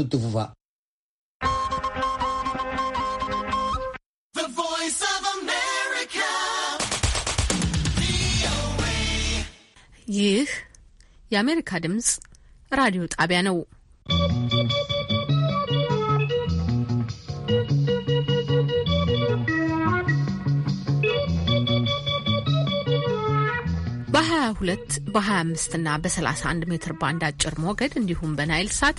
Tutto va. ይህ የአሜሪካ ድምፅ ራዲዮ ጣቢያ ነው። በ22 በ25 እና በ31 ሜትር ባንድ አጭር ሞገድ እንዲሁም በናይል ሳት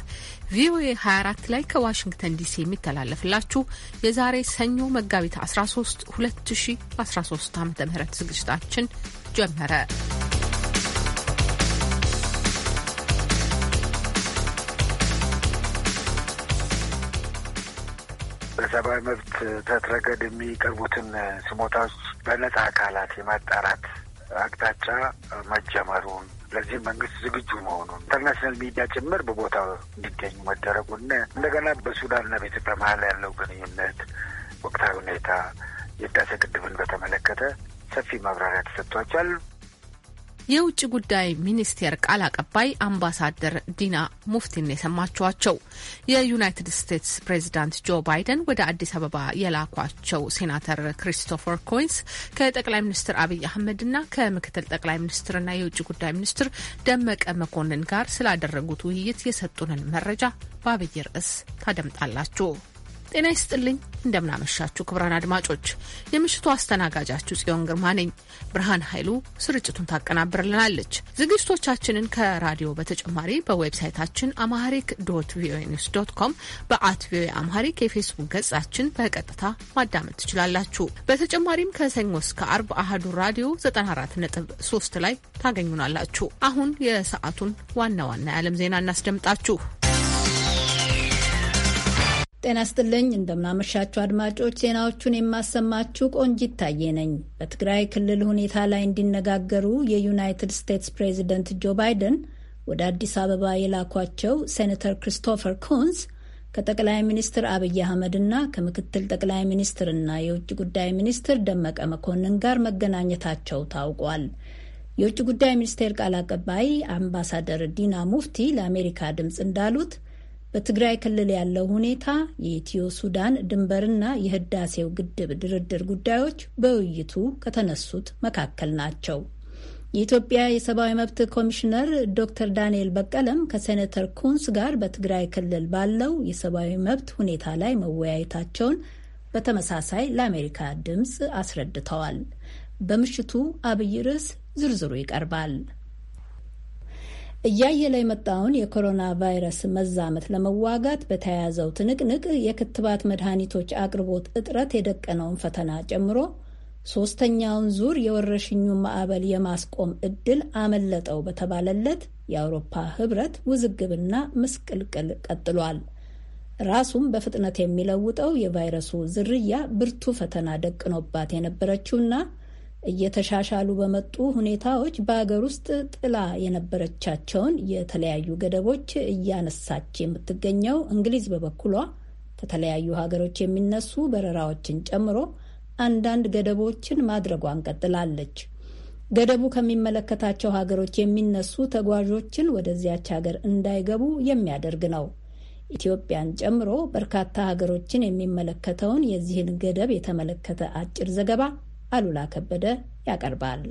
ቪኦኤ 24 ላይ ከዋሽንግተን ዲሲ የሚተላለፍላችሁ የዛሬ ሰኞ መጋቢት 13 2013 ዓ ም ዝግጅታችን ጀመረ። በሰብአዊ መብት ረገድ የሚቀርቡትን ስሞታዎች በነጻ አካላት የማጣራት አቅጣጫ መጀመሩን ለዚህ መንግስት ዝግጁ መሆኑን ኢንተርናሽናል ሚዲያ ጭምር በቦታው እንዲገኙ መደረጉና እንደገና በሱዳንና በኢትዮጵያ መሀል ያለው ግንኙነት ወቅታዊ ሁኔታ የህዳሴ ግድብን በተመለከተ ሰፊ ማብራሪያ ተሰጥቷቸዋል። የውጭ ጉዳይ ሚኒስቴር ቃል አቀባይ አምባሳደር ዲና ሙፍቲን የሰማችኋቸው። የዩናይትድ ስቴትስ ፕሬዚዳንት ጆ ባይደን ወደ አዲስ አበባ የላኳቸው ሴናተር ክሪስቶፈር ኮይንስ ከጠቅላይ ሚኒስትር አብይ አህመድና ከምክትል ጠቅላይ ሚኒስትርና የውጭ ጉዳይ ሚኒስትር ደመቀ መኮንን ጋር ስላደረጉት ውይይት የሰጡንን መረጃ በአብይ ርዕስ ታደምጣላችሁ። ጤና ይስጥልኝ። እንደምናመሻችሁ ክቡራን አድማጮች፣ የምሽቱ አስተናጋጃችሁ ጽዮን ግርማ ነኝ። ብርሃን ኃይሉ ስርጭቱን ታቀናብርልናለች። ዝግጅቶቻችንን ከራዲዮ በተጨማሪ በዌብሳይታችን አማሪክ ዶት ቪኦኤ ኒውስ ዶት ኮም፣ በአት ቪኦኤ አማሪክ የፌስቡክ ገጻችን በቀጥታ ማዳመጥ ትችላላችሁ። በተጨማሪም ከሰኞ እስከ አርብ አህዱ ራዲዮ 94.3 ላይ ታገኙናላችሁ። አሁን የሰዓቱን ዋና ዋና የዓለም ዜና እናስደምጣችሁ። ጤና ስጥልኝ እንደምናመሻችሁ አድማጮች፣ ዜናዎቹን የማሰማችሁ ቆንጂት ታዬ ነኝ። በትግራይ ክልል ሁኔታ ላይ እንዲነጋገሩ የዩናይትድ ስቴትስ ፕሬዚደንት ጆ ባይደን ወደ አዲስ አበባ የላኳቸው ሴኔተር ክሪስቶፈር ኩንስ ከጠቅላይ ሚኒስትር አብይ አህመድ ና ከምክትል ጠቅላይ ሚኒስትር የውጭ ጉዳይ ሚኒስትር ደመቀ መኮንን ጋር መገናኘታቸው ታውቋል። የውጭ ጉዳይ ሚኒስቴር ቃል አቀባይ አምባሳደር ዲና ሙፍቲ ለአሜሪካ ድምፅ እንዳሉት በትግራይ ክልል ያለው ሁኔታ፣ የኢትዮ ሱዳን ድንበርና የህዳሴው ግድብ ድርድር ጉዳዮች በውይይቱ ከተነሱት መካከል ናቸው። የኢትዮጵያ የሰብአዊ መብት ኮሚሽነር ዶክተር ዳንኤል በቀለም ከሴኔተር ኩንስ ጋር በትግራይ ክልል ባለው የሰብአዊ መብት ሁኔታ ላይ መወያየታቸውን በተመሳሳይ ለአሜሪካ ድምፅ አስረድተዋል። በምሽቱ አብይ ርዕስ ዝርዝሩ ይቀርባል። እያየለ የመጣውን የኮሮና ቫይረስ መዛመት ለመዋጋት በተያያዘው ትንቅንቅ የክትባት መድኃኒቶች አቅርቦት እጥረት የደቀነውን ፈተና ጨምሮ ሶስተኛውን ዙር የወረሽኙን ማዕበል የማስቆም እድል አመለጠው በተባለለት የአውሮፓ ህብረት ውዝግብና ምስቅልቅል ቀጥሏል። ራሱም በፍጥነት የሚለውጠው የቫይረሱ ዝርያ ብርቱ ፈተና ደቅኖባት የነበረችውና እየተሻሻሉ በመጡ ሁኔታዎች በሀገር ውስጥ ጥላ የነበረቻቸውን የተለያዩ ገደቦች እያነሳች የምትገኘው እንግሊዝ በበኩሏ ከተለያዩ ሀገሮች የሚነሱ በረራዎችን ጨምሮ አንዳንድ ገደቦችን ማድረጓን ቀጥላለች። ገደቡ ከሚመለከታቸው ሀገሮች የሚነሱ ተጓዦችን ወደዚያች ሀገር እንዳይገቡ የሚያደርግ ነው። ኢትዮጵያን ጨምሮ በርካታ ሀገሮችን የሚመለከተውን የዚህን ገደብ የተመለከተ አጭር ዘገባ አሉላ ከበደ ያቀርባል።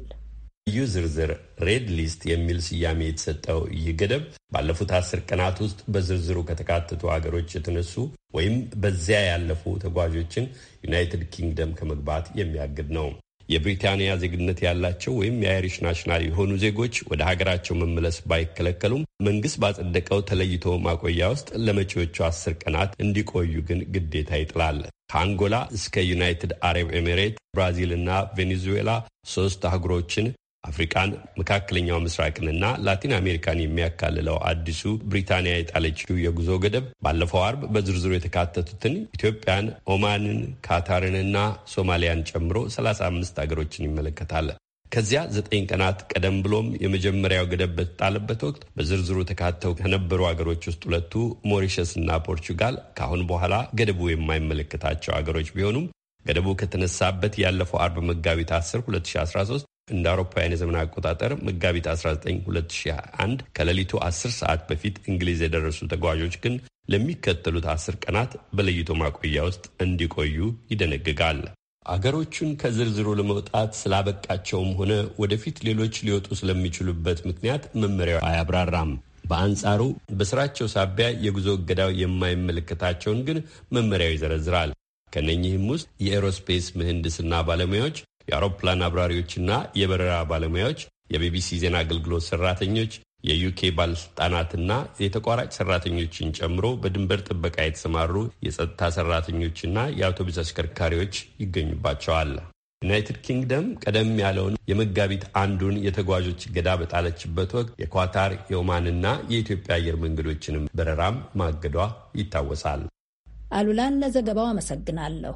ልዩ ዝርዝር ሬድ ሊስት የሚል ስያሜ የተሰጠው ይህ ገደብ ባለፉት አስር ቀናት ውስጥ በዝርዝሩ ከተካተቱ ሀገሮች የተነሱ ወይም በዚያ ያለፉ ተጓዦችን ዩናይትድ ኪንግደም ከመግባት የሚያግድ ነው። የብሪታንያ ዜግነት ያላቸው ወይም የአይሪሽ ናሽናል የሆኑ ዜጎች ወደ ሀገራቸው መመለስ ባይከለከሉም መንግስት ባጸደቀው ተለይቶ ማቆያ ውስጥ ለመጪዎቹ አስር ቀናት እንዲቆዩ ግን ግዴታ ይጥላል። ከአንጎላ እስከ ዩናይትድ አረብ ኤሚሬት፣ ብራዚል እና ቬኔዙዌላ ሶስት አህጉሮችን አፍሪካን መካከለኛው ምስራቅንና ላቲን አሜሪካን የሚያካልለው አዲሱ ብሪታንያ የጣለችው የጉዞ ገደብ ባለፈው አርብ በዝርዝሩ የተካተቱትን ኢትዮጵያን፣ ኦማንን፣ ካታርንና ሶማሊያን ጨምሮ 35 ሀገሮችን ይመለከታል። ከዚያ ዘጠኝ ቀናት ቀደም ብሎም የመጀመሪያው ገደብ በተጣለበት ወቅት በዝርዝሩ ተካተው ከነበሩ ሀገሮች ውስጥ ሁለቱ ሞሪሸስ እና ፖርቹጋል ከአሁን በኋላ ገደቡ የማይመለከታቸው አገሮች ቢሆኑም ገደቡ ከተነሳበት ያለፈው አርብ መጋቢት 10 2013 እንደ አውሮፓውያን የዘመን አቆጣጠር መጋቢት 19 2001 ከሌሊቱ 10 ሰዓት በፊት እንግሊዝ የደረሱ ተጓዦች ግን ለሚከተሉት 10 ቀናት በለይቶ ማቆያ ውስጥ እንዲቆዩ ይደነግጋል። አገሮቹን ከዝርዝሩ ለመውጣት ስላበቃቸውም ሆነ ወደፊት ሌሎች ሊወጡ ስለሚችሉበት ምክንያት መመሪያው አያብራራም። በአንጻሩ በስራቸው ሳቢያ የጉዞ እገዳው የማይመለከታቸውን ግን መመሪያው ይዘረዝራል። ከነኚህም ውስጥ የኤሮስፔስ ምህንድስና ባለሙያዎች፣ የአውሮፕላን አብራሪዎችና የበረራ ባለሙያዎች፣ የቢቢሲ ዜና አገልግሎት ሰራተኞች፣ የዩኬ ባለስልጣናትና የተቋራጭ ሰራተኞችን ጨምሮ በድንበር ጥበቃ የተሰማሩ የጸጥታ ሰራተኞችና የአውቶቡስ አሽከርካሪዎች ይገኙባቸዋል። ዩናይትድ ኪንግደም ቀደም ያለውን የመጋቢት አንዱን የተጓዦች እገዳ በጣለችበት ወቅት የኳታር የኦማንና የኢትዮጵያ አየር መንገዶችንም በረራም ማገዷ ይታወሳል። አሉላን ለዘገባው አመሰግናለሁ።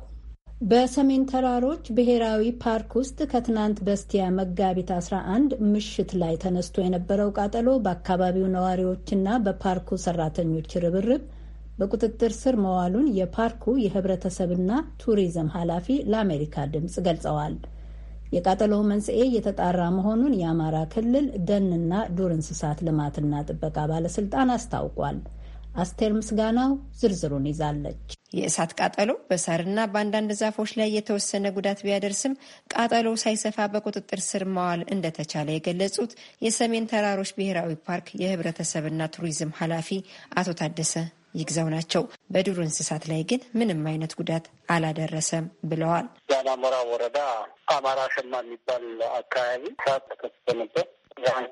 በሰሜን ተራሮች ብሔራዊ ፓርክ ውስጥ ከትናንት በስቲያ መጋቢት 11 ምሽት ላይ ተነስቶ የነበረው ቃጠሎ በአካባቢው ነዋሪዎችና በፓርኩ ሰራተኞች ርብርብ በቁጥጥር ስር መዋሉን የፓርኩ የህብረተሰብና ቱሪዝም ኃላፊ ለአሜሪካ ድምፅ ገልጸዋል። የቃጠሎው መንስኤ እየተጣራ መሆኑን የአማራ ክልል ደንና ዱር እንስሳት ልማትና ጥበቃ ባለስልጣን አስታውቋል። አስቴር ምስጋናው ዝርዝሩን ይዛለች። የእሳት ቃጠሎ በሳርና በአንዳንድ ዛፎች ላይ የተወሰነ ጉዳት ቢያደርስም ቃጠሎው ሳይሰፋ በቁጥጥር ስር መዋል እንደተቻለ የገለጹት የሰሜን ተራሮች ብሔራዊ ፓርክ የህብረተሰብና ቱሪዝም ኃላፊ አቶ ታደሰ ይግዛው ናቸው። በዱር እንስሳት ላይ ግን ምንም አይነት ጉዳት አላደረሰም ብለዋል። ዳናሞራ ወረዳ አማራ ሸማ የሚባል አካባቢ እሳት ተከስቶ ነበር።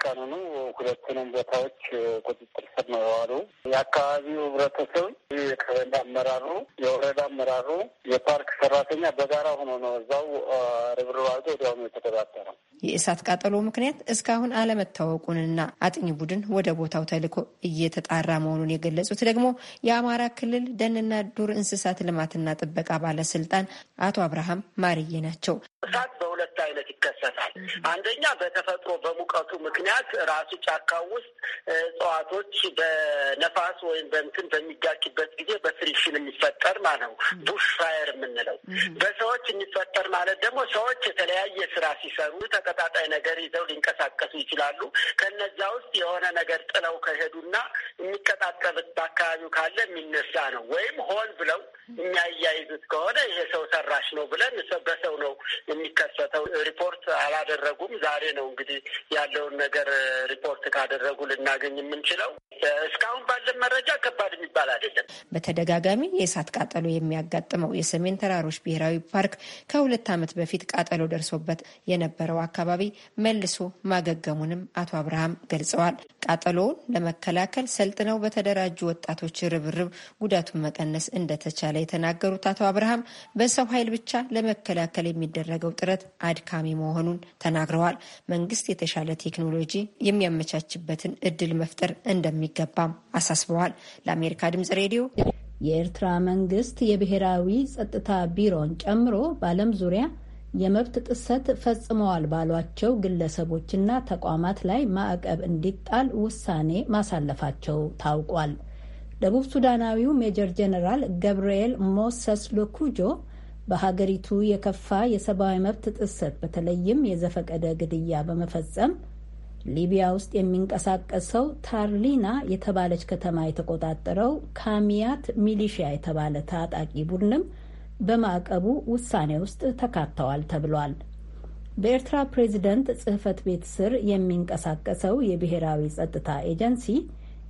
ቀኑኑ ሁለቱንም ቦታዎች ቁጥጥር ስር ነው የዋሉ። የአካባቢው ህብረተሰብ፣ የቀበሌ አመራሩ፣ የወረዳ አመራሩ፣ የፓርክ ሰራተኛ በጋራ ሆኖ ነው እዛው ርብርብ አድርጎ ወዲያውኑ የተቆጣጠረው። የእሳት ቃጠሎ ምክንያት እስካሁን አለመታወቁንና አጥኚ ቡድን ወደ ቦታው ተልኮ እየተጣራ መሆኑን የገለጹት ደግሞ የአማራ ክልል ደንና ዱር እንስሳት ልማትና ጥበቃ ባለስልጣን አቶ አብርሃም ማርዬ ናቸው። እሳት በሁለት አይነት ይከሰታል። አንደኛ በተፈጥሮ በሙቀቱ ምክንያት ራሱ ጫካ ውስጥ እጽዋቶች በነፋስ ወይም በእንትን በሚጋጭበት ጊዜ በፍሪሽን የሚፈጠር ማለት ነው፣ ቡሽ ፋየር የምንለው። በሰዎች የሚፈጠር ማለት ደግሞ ሰዎች የተለያየ ስራ ሲሰሩ ተቀጣጣይ ነገር ይዘው ሊንቀሳቀሱ ይችላሉ። ከነዛ ውስጥ የሆነ ነገር ጥለው ከሄዱና የሚቀጣጠልበት በአካባቢው ካለ የሚነሳ ነው። ወይም ሆን ብለው የሚያያይዙት ከሆነ ይሄ ሰው ሰራሽ ነው ብለን በሰው ነው የሚከሰተው ሪፖርት አላደረጉም። ዛሬ ነው እንግዲህ ያለውን ነገር ሪፖርት ካደረጉ ልናገኝ የምንችለው። እስካሁን ባለን መረጃ ከባድ የሚባል አይደለም። በተደጋጋሚ የእሳት ቃጠሎ የሚያጋጥመው የሰሜን ተራሮች ብሔራዊ ፓርክ ከሁለት ዓመት በፊት ቃጠሎ ደርሶበት የነበረው አካባቢ መልሶ ማገገሙንም አቶ አብርሃም ገልጸዋል። ቃጠሎውን ለመከላከል ሰልጥነው በተደራጁ ወጣቶች ርብርብ ጉዳቱን መቀነስ እንደተቻለ የተናገሩት አቶ አብርሃም በሰው ኃይል ብቻ ለመከላከል የሚደረግ የሚደረገው ጥረት አድካሚ መሆኑን ተናግረዋል። መንግስት የተሻለ ቴክኖሎጂ የሚያመቻችበትን እድል መፍጠር እንደሚገባም አሳስበዋል። ለአሜሪካ ድምጽ ሬዲዮ የኤርትራ መንግስት የብሔራዊ ጸጥታ ቢሮን ጨምሮ በዓለም ዙሪያ የመብት ጥሰት ፈጽመዋል ባሏቸው ግለሰቦችና ተቋማት ላይ ማዕቀብ እንዲጣል ውሳኔ ማሳለፋቸው ታውቋል። ደቡብ ሱዳናዊው ሜጀር ጀነራል ገብርኤል ሞሰስ ሎኩጆ በሀገሪቱ የከፋ የሰብአዊ መብት ጥሰት በተለይም የዘፈቀደ ግድያ በመፈጸም ሊቢያ ውስጥ የሚንቀሳቀሰው ታርሊና የተባለች ከተማ የተቆጣጠረው ካሚያት ሚሊሺያ የተባለ ታጣቂ ቡድንም በማዕቀቡ ውሳኔ ውስጥ ተካተዋል ተብሏል። በኤርትራ ፕሬዚደንት ጽህፈት ቤት ስር የሚንቀሳቀሰው የብሔራዊ ጸጥታ ኤጀንሲ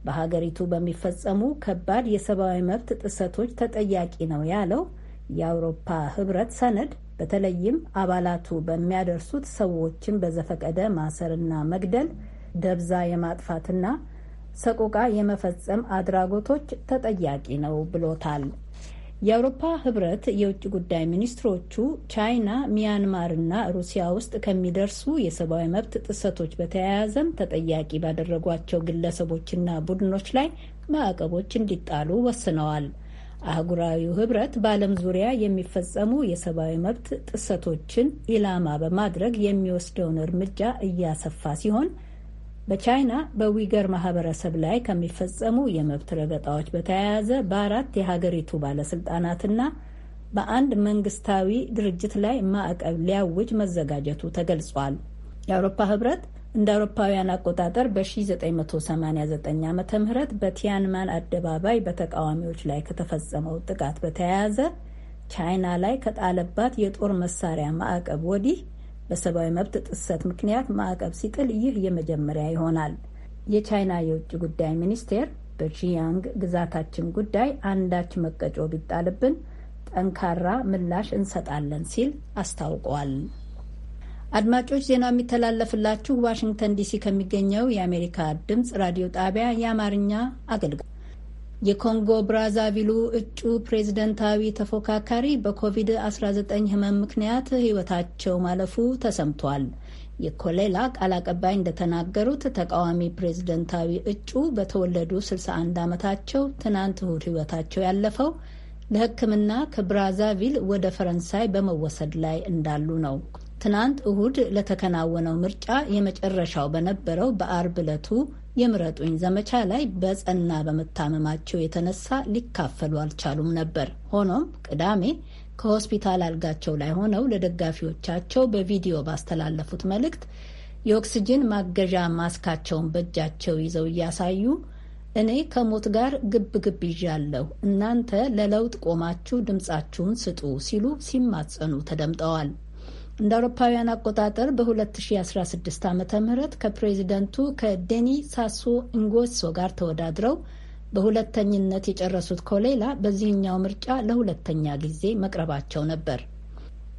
በሀገሪቱ በሚፈጸሙ ከባድ የሰብአዊ መብት ጥሰቶች ተጠያቂ ነው ያለው የአውሮፓ ህብረት ሰነድ በተለይም አባላቱ በሚያደርሱት ሰዎችን በዘፈቀደ ማሰርና መግደል፣ ደብዛ የማጥፋትና ሰቆቃ የመፈጸም አድራጎቶች ተጠያቂ ነው ብሎታል። የአውሮፓ ህብረት የውጭ ጉዳይ ሚኒስትሮቹ ቻይና፣ ሚያንማርና ሩሲያ ውስጥ ከሚደርሱ የሰብአዊ መብት ጥሰቶች በተያያዘም ተጠያቂ ባደረጓቸው ግለሰቦችና ቡድኖች ላይ ማዕቀቦች እንዲጣሉ ወስነዋል። አህጉራዊው ህብረት በዓለም ዙሪያ የሚፈጸሙ የሰብአዊ መብት ጥሰቶችን ኢላማ በማድረግ የሚወስደውን እርምጃ እያሰፋ ሲሆን በቻይና በዊገር ማህበረሰብ ላይ ከሚፈጸሙ የመብት ረገጣዎች በተያያዘ በአራት የሀገሪቱ ባለስልጣናትና በአንድ መንግስታዊ ድርጅት ላይ ማዕቀብ ሊያውጅ መዘጋጀቱ ተገልጿል። የአውሮፓ ህብረት እንደ አውሮፓውያን አቆጣጠር በ1989 ዓ ም በቲያንማን አደባባይ በተቃዋሚዎች ላይ ከተፈጸመው ጥቃት በተያያዘ ቻይና ላይ ከጣለባት የጦር መሳሪያ ማዕቀብ ወዲህ በሰብአዊ መብት ጥሰት ምክንያት ማዕቀብ ሲጥል ይህ የመጀመሪያ ይሆናል። የቻይና የውጭ ጉዳይ ሚኒስቴር በሺያንግ ግዛታችን ጉዳይ አንዳች መቀጮ ቢጣልብን ጠንካራ ምላሽ እንሰጣለን ሲል አስታውቋል። አድማጮች ዜናው የሚተላለፍላችሁ ዋሽንግተን ዲሲ ከሚገኘው የአሜሪካ ድምፅ ራዲዮ ጣቢያ የአማርኛ አገልግሎት። የኮንጎ ብራዛቪሉ እጩ ፕሬዝደንታዊ ተፎካካሪ በኮቪድ-19 ህመም ምክንያት ሕይወታቸው ማለፉ ተሰምቷል። የኮሌላ ቃል አቀባይ እንደተናገሩት ተቃዋሚ ፕሬዝደንታዊ እጩ በተወለዱ 61 ዓመታቸው ትናንት እሁድ ሕይወታቸው ያለፈው ለሕክምና ከብራዛቪል ወደ ፈረንሳይ በመወሰድ ላይ እንዳሉ ነው። ትናንት እሁድ ለተከናወነው ምርጫ የመጨረሻው በነበረው በአርብ ዕለቱ የምረጡኝ ዘመቻ ላይ በጸና በመታመማቸው የተነሳ ሊካፈሉ አልቻሉም ነበር። ሆኖም ቅዳሜ ከሆስፒታል አልጋቸው ላይ ሆነው ለደጋፊዎቻቸው በቪዲዮ ባስተላለፉት መልእክት የኦክስጅን ማገዣ ማስካቸውን በእጃቸው ይዘው እያሳዩ እኔ ከሞት ጋር ግብ ግብ ይዣለሁ፣ እናንተ ለለውጥ ቆማችሁ ድምጻችሁን ስጡ ሲሉ ሲማጸኑ ተደምጠዋል። እንደ አውሮፓውያን አቆጣጠር በ2016 ዓ ም ከፕሬዚደንቱ ከዴኒ ሳሱ እንጎሶ ጋር ተወዳድረው በሁለተኝነት የጨረሱት ኮሌላ በዚህኛው ምርጫ ለሁለተኛ ጊዜ መቅረባቸው ነበር።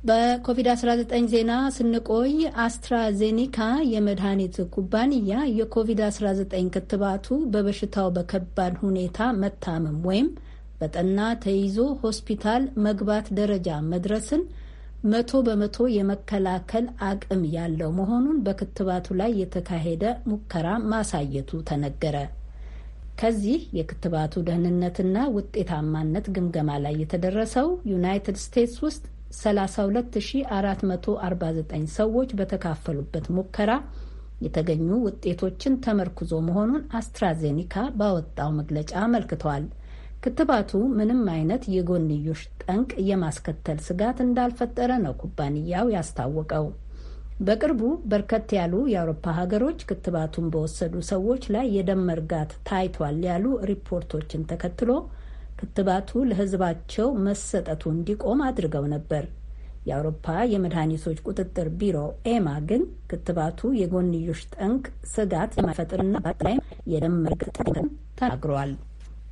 በኮቪድ-19 ዜና ስንቆይ አስትራዜኒካ የመድኃኒት ኩባንያ የኮቪድ-19 ክትባቱ በበሽታው በከባድ ሁኔታ መታመም ወይም በጠና ተይዞ ሆስፒታል መግባት ደረጃ መድረስን መቶ በመቶ የመከላከል አቅም ያለው መሆኑን በክትባቱ ላይ የተካሄደ ሙከራ ማሳየቱ ተነገረ። ከዚህ የክትባቱ ደህንነትና ውጤታማነት ግምገማ ላይ የተደረሰው ዩናይትድ ስቴትስ ውስጥ 32449 ሰዎች በተካፈሉበት ሙከራ የተገኙ ውጤቶችን ተመርኩዞ መሆኑን አስትራዜኒካ ባወጣው መግለጫ አመልክቷል። ክትባቱ ምንም አይነት የጎንዮሽ ጠንቅ የማስከተል ስጋት እንዳልፈጠረ ነው ኩባንያው ያስታወቀው። በቅርቡ በርከት ያሉ የአውሮፓ ሀገሮች ክትባቱን በወሰዱ ሰዎች ላይ የደም መርጋት ታይቷል ያሉ ሪፖርቶችን ተከትሎ ክትባቱ ለሕዝባቸው መሰጠቱ እንዲቆም አድርገው ነበር። የአውሮፓ የመድኃኒቶች ቁጥጥር ቢሮ ኤማ ግን ክትባቱ የጎንዮሽ ጠንቅ ስጋት የማይፈጥርና ላይም የደም መርጋት ተናግረዋል።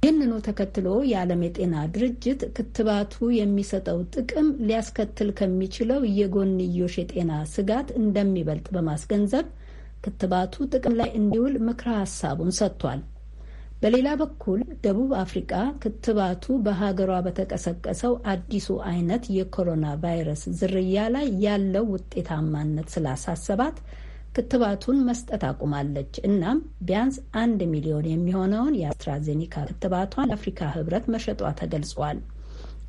ይህንኑ ተከትሎ የዓለም የጤና ድርጅት ክትባቱ የሚሰጠው ጥቅም ሊያስከትል ከሚችለው የጎንዮሽ የጤና ስጋት እንደሚበልጥ በማስገንዘብ ክትባቱ ጥቅም ላይ እንዲውል ምክረ ሀሳቡን ሰጥቷል። በሌላ በኩል ደቡብ አፍሪቃ ክትባቱ በሀገሯ በተቀሰቀሰው አዲሱ አይነት የኮሮና ቫይረስ ዝርያ ላይ ያለው ውጤታማነት ስላሳሰባት ክትባቱን መስጠት አቁማለች። እናም ቢያንስ አንድ ሚሊዮን የሚሆነውን የአስትራዜኒካ ክትባቷን ለአፍሪካ ህብረት መሸጧ ተገልጿል።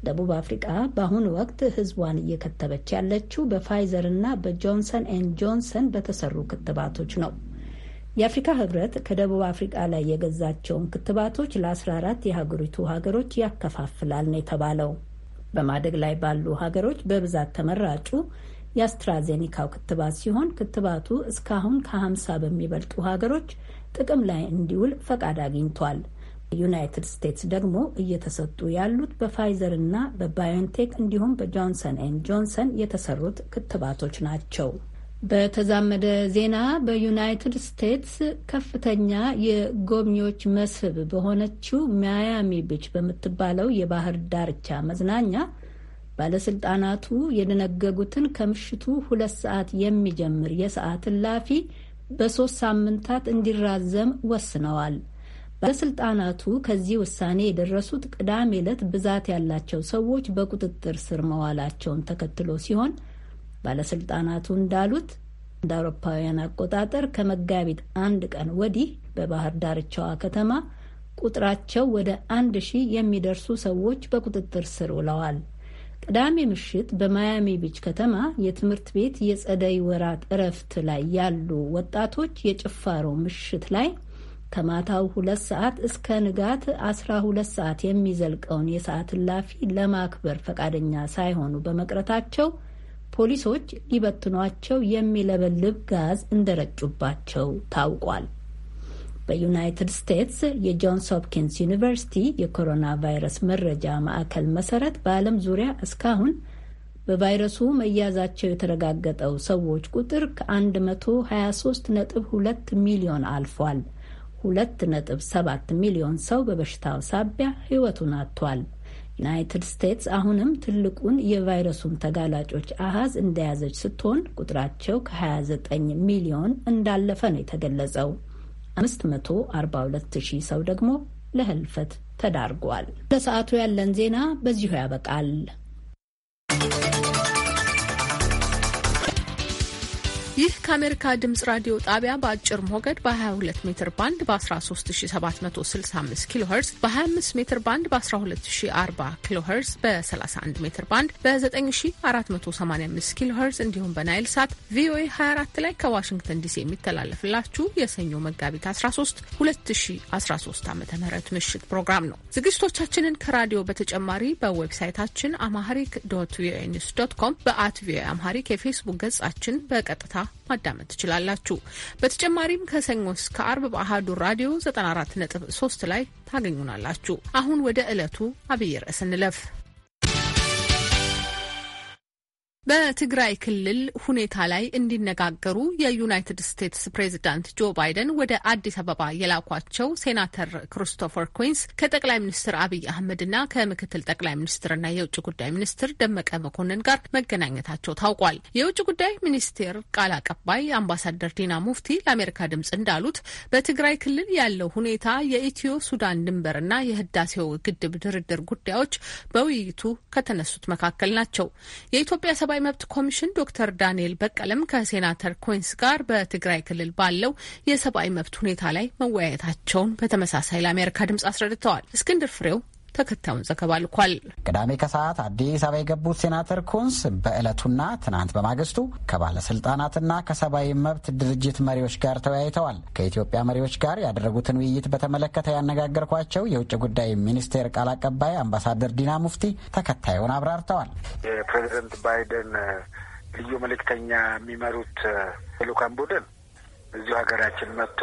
ደቡብ አፍሪቃ በአሁኑ ወቅት ህዝቧን እየከተበች ያለችው በፋይዘር እና በጆንሰን ን ጆንሰን በተሰሩ ክትባቶች ነው። የአፍሪካ ህብረት ከደቡብ አፍሪቃ ላይ የገዛቸውን ክትባቶች ለ14 የሀገሪቱ ሀገሮች ያከፋፍላል ነው የተባለው። በማደግ ላይ ባሉ ሀገሮች በብዛት ተመራጩ የአስትራዜኒካው ክትባት ሲሆን ክትባቱ እስካሁን ከ50 በሚበልጡ ሀገሮች ጥቅም ላይ እንዲውል ፈቃድ አግኝቷል። ዩናይትድ ስቴትስ ደግሞ እየተሰጡ ያሉት በፋይዘር እና በባዮንቴክ እንዲሁም በጆንሰን ኤንድ ጆንሰን የተሰሩት ክትባቶች ናቸው። በተዛመደ ዜና በዩናይትድ ስቴትስ ከፍተኛ የጎብኚዎች መስህብ በሆነችው ሚያያሚ ብች በምትባለው የባህር ዳርቻ መዝናኛ ባለስልጣናቱ የደነገጉትን ከምሽቱ ሁለት ሰዓት የሚጀምር የሰዓት እላፊ በሶስት ሳምንታት እንዲራዘም ወስነዋል። ባለስልጣናቱ ከዚህ ውሳኔ የደረሱት ቅዳሜ ዕለት ብዛት ያላቸው ሰዎች በቁጥጥር ስር መዋላቸውን ተከትሎ ሲሆን ባለስልጣናቱ እንዳሉት እንደ አውሮፓውያን አቆጣጠር ከመጋቢት አንድ ቀን ወዲህ በባህር ዳርቻዋ ከተማ ቁጥራቸው ወደ አንድ ሺህ የሚደርሱ ሰዎች በቁጥጥር ስር ውለዋል። ቅዳሜ ምሽት በማያሚ ቢች ከተማ የትምህርት ቤት የጸደይ ወራት እረፍት ላይ ያሉ ወጣቶች የጭፋሮ ምሽት ላይ ከማታው ሁለት ሰዓት እስከ ንጋት አስራ ሁለት ሰዓት የሚዘልቀውን የሰዓት እላፊ ለማክበር ፈቃደኛ ሳይሆኑ በመቅረታቸው ፖሊሶች ሊበትኗቸው የሚለበልብ ጋዝ እንደረጩባቸው ታውቋል። በዩናይትድ ስቴትስ የጆንስ ሆፕኪንስ ዩኒቨርሲቲ የኮሮና ቫይረስ መረጃ ማዕከል መሰረት በዓለም ዙሪያ እስካሁን በቫይረሱ መያዛቸው የተረጋገጠው ሰዎች ቁጥር ከ123.2 ሚሊዮን አልፏል። 2.7 ሚሊዮን ሰው በበሽታው ሳቢያ ሕይወቱን አጥቷል። ዩናይትድ ስቴትስ አሁንም ትልቁን የቫይረሱን ተጋላጮች አሃዝ እንደያዘች ስትሆን ቁጥራቸው ከ29 ሚሊዮን እንዳለፈ ነው የተገለጸው። 542 ሺህ ሰው ደግሞ ለህልፈት ተዳርጓል። ለሰዓቱ ያለን ዜና በዚሁ ያበቃል። ይህ ከአሜሪካ ድምጽ ራዲዮ ጣቢያ በአጭር ሞገድ በ22 ሜትር ባንድ በ13765 ኪሎ ሄርዝ በ25 ሜትር ባንድ በ1240 ኪሎ ሄርዝ በ31 ሜትር ባንድ በ9485 ኪሎ ሄርዝ እንዲሁም በናይል ሳት ቪኦኤ 24 ላይ ከዋሽንግተን ዲሲ የሚተላለፍላችሁ የሰኞ መጋቢት 13 2013 ዓ ም ምሽት ፕሮግራም ነው። ዝግጅቶቻችንን ከራዲዮ በተጨማሪ በዌብሳይታችን አማሪክ ዶት ቪኦኤ ኒውስ ዶት ኮም በአት ቪኦኤ አማሪክ የፌስቡክ ገጻችን በቀጥታ ማዳመጥ ትችላላችሁ። በተጨማሪም ከሰኞ እስከ አርብ በአህዱ ራዲዮ 94.3 ላይ ታገኙናላችሁ። አሁን ወደ ዕለቱ አብይ ርዕስ እንለፍ። በትግራይ ክልል ሁኔታ ላይ እንዲነጋገሩ የዩናይትድ ስቴትስ ፕሬዚዳንት ጆ ባይደን ወደ አዲስ አበባ የላኳቸው ሴናተር ክሪስቶፈር ኩንስ ከጠቅላይ ሚኒስትር አብይ አህመድና ከምክትል ጠቅላይ ሚኒስትርና የውጭ ጉዳይ ሚኒስትር ደመቀ መኮንን ጋር መገናኘታቸው ታውቋል። የውጭ ጉዳይ ሚኒስቴር ቃል አቀባይ አምባሳደር ዲና ሙፍቲ ለአሜሪካ ድምጽ እንዳሉት በትግራይ ክልል ያለው ሁኔታ የኢትዮ ሱዳን ድንበርና የህዳሴው ግድብ ድርድር ጉዳዮች በውይይቱ ከተነሱት መካከል ናቸው። የኢትዮጵያ ሰብአዊ የሰብአዊ መብት ኮሚሽን ዶክተር ዳንኤል በቀለም ከሴናተር ኮይንስ ጋር በትግራይ ክልል ባለው የሰብአዊ መብት ሁኔታ ላይ መወያየታቸውን በተመሳሳይ ለአሜሪካ ድምጽ አስረድተዋል። እስክንድር ፍሬው ተከታዩን ዘገባ ልኳል። ቅዳሜ ከሰዓት አዲስ አበባ የገቡት ሴናተር ኩንስ በዕለቱና ትናንት በማግስቱ ከባለስልጣናትና ከሰብአዊ መብት ድርጅት መሪዎች ጋር ተወያይተዋል። ከኢትዮጵያ መሪዎች ጋር ያደረጉትን ውይይት በተመለከተ ያነጋገርኳቸው የውጭ ጉዳይ ሚኒስቴር ቃል አቀባይ አምባሳደር ዲና ሙፍቲ ተከታዩን አብራርተዋል። የፕሬዚደንት ባይደን ልዩ መልእክተኛ የሚመሩት ልኡካን ቡድን እዚሁ ሀገራችን መጥቶ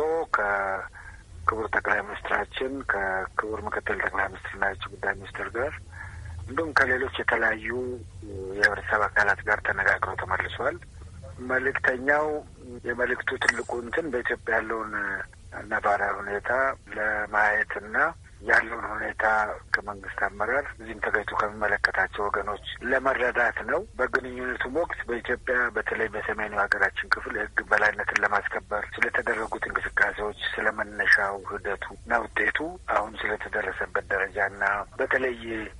ክቡር ጠቅላይ ሚኒስትራችን ከክቡር ምክትል ጠቅላይ ሚኒስትርና የውጭ ጉዳይ ሚኒስትር ጋር እንዲሁም ከሌሎች የተለያዩ የህብረተሰብ አካላት ጋር ተነጋግረው ተመልሷል። መልእክተኛው የመልእክቱ ትልቁ እንትን በኢትዮጵያ ያለውን ነባራዊ ሁኔታ ለማየትና ያለውን ሁኔታ ከመንግስት አመራር እዚህም ተገኝቶ ከሚመለከታቸው ወገኖች ለመረዳት ነው። በግንኙነቱም ወቅት በኢትዮጵያ በተለይ በሰሜኑ ሀገራችን ክፍል ሕግ በላይነትን ለማስከበር ስለተደረጉት እንቅስቃሴዎች፣ ስለመነሻው ሂደቱና ውጤቱ፣ አሁን ስለተደረሰበት ደረጃና በተለይ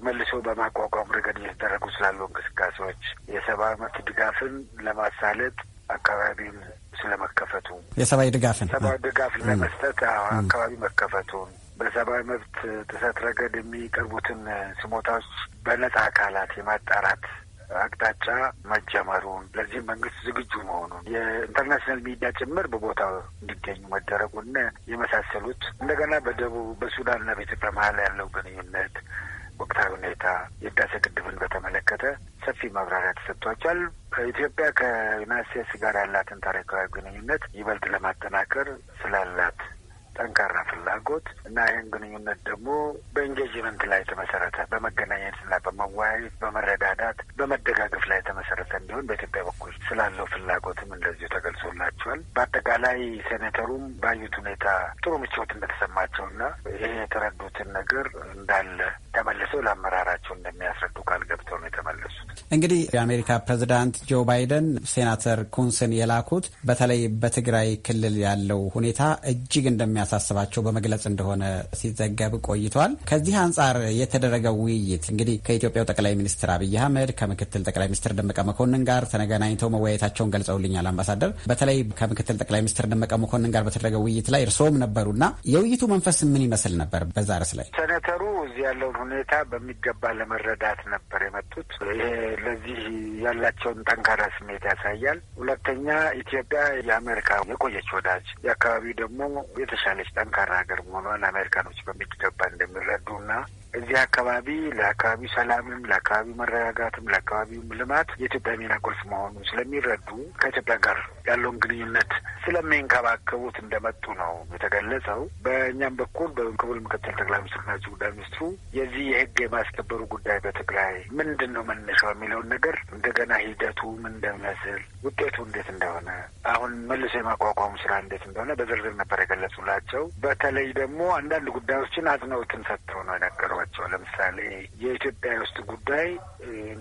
መልሶ በማቋቋም ረገድ እየተደረጉ ስላሉ እንቅስቃሴዎች የሰብአዊ መብት ድጋፍን ለማሳለጥ አካባቢውን ስለመከፈቱ የሰብአዊ ድጋፍን ሰብአዊ ድጋፍን ለመስጠት አካባቢ መከፈቱን በሰብአዊ መብት ጥሰት ረገድ የሚቀርቡትን ስሞታዎች በነጻ አካላት የማጣራት አቅጣጫ መጀመሩን ለዚህም መንግስት ዝግጁ መሆኑን የኢንተርናሽናል ሚዲያ ጭምር በቦታው እንዲገኙ መደረጉና የመሳሰሉት እንደገና በደቡብ በሱዳንና በኢትዮጵያ መሀል ያለው ግንኙነት ወቅታዊ ሁኔታ የህዳሴ ግድብን በተመለከተ ሰፊ ማብራሪያ ተሰጥቷቸዋል። ኢትዮጵያ ከዩናይት ስቴትስ ጋር ያላትን ታሪካዊ ግንኙነት ይበልጥ ለማጠናከር ስላላት ጠንካራ ፍላጎት እና ይህን ግንኙነት ደግሞ በኢንጌጅመንት ላይ የተመሰረተ በመገናኘት ና በመወያየት በመረዳዳት፣ በመደጋገፍ ላይ የተመሰረተ እንዲሆን በኢትዮጵያ በኩል ስላለው ፍላጎትም እንደዚሁ ተገልጾላቸዋል። በአጠቃላይ ሴኔተሩም ባዩት ሁኔታ ጥሩ ምቾት እንደተሰማቸውና ይህ የተረዱትን ነገር እንዳለ ተመልሰው ለአመራራቸው እንደሚያስረዱ ቃል ገብተው ነው የተመለሱ። እንግዲህ የአሜሪካ ፕሬዚዳንት ጆ ባይደን ሴናተር ኩንስን የላኩት በተለይ በትግራይ ክልል ያለው ሁኔታ እጅግ እንደሚያሳስባቸው በመግለጽ እንደሆነ ሲዘገብ ቆይቷል። ከዚህ አንጻር የተደረገው ውይይት እንግዲህ ከኢትዮጵያው ጠቅላይ ሚኒስትር አብይ አህመድ ከምክትል ጠቅላይ ሚኒስትር ደመቀ መኮንን ጋር ተገናኝተው መወያየታቸውን ገልጸውልኛል። አምባሳደር፣ በተለይ ከምክትል ጠቅላይ ሚኒስትር ደመቀ መኮንን ጋር በተደረገው ውይይት ላይ እርስዎም ነበሩና የውይይቱ መንፈስ ምን ይመስል ነበር? በዛ ርዕስ ላይ ሴኔተሩ እዚህ ያለውን ሁኔታ በሚገባ ለመረዳት ነበር የመጡት። ለዚህ ያላቸውን ጠንካራ ስሜት ያሳያል። ሁለተኛ ኢትዮጵያ የአሜሪካ የቆየች ወዳጅ፣ የአካባቢው ደግሞ የተሻለች ጠንካራ ሀገር መሆኗን አሜሪካኖች በሚገባ እንደሚረዱ እና እዚህ አካባቢ ለአካባቢ ሰላምም ለአካባቢ መረጋጋትም ለአካባቢውም ልማት የኢትዮጵያ ሚና ጎልፍ መሆኑ ስለሚረዱ ከኢትዮጵያ ጋር ያለውን ግንኙነት ስለሚንከባከቡት እንደመጡ ነው የተገለጸው። በእኛም በኩል በክቡር ምክትል ጠቅላይ ሚኒስትርና ውጭ ጉዳይ ሚኒስትሩ የዚህ የህግ የማስከበሩ ጉዳይ በትግራይ ምንድን ነው መነሻው የሚለውን ነገር እንደገና ሂደቱ ምን እንደሚመስል ውጤቱ እንዴት እንደሆነ አሁን መልሶ የማቋቋሙ ስራ እንዴት እንደሆነ በዝርዝር ነበር የገለጹላቸው። በተለይ ደግሞ አንዳንድ ጉዳዮችን አጽንኦትን ሰጥተው ነው የነገሩ ናቸው። ለምሳሌ የኢትዮጵያ ውስጥ ጉዳይ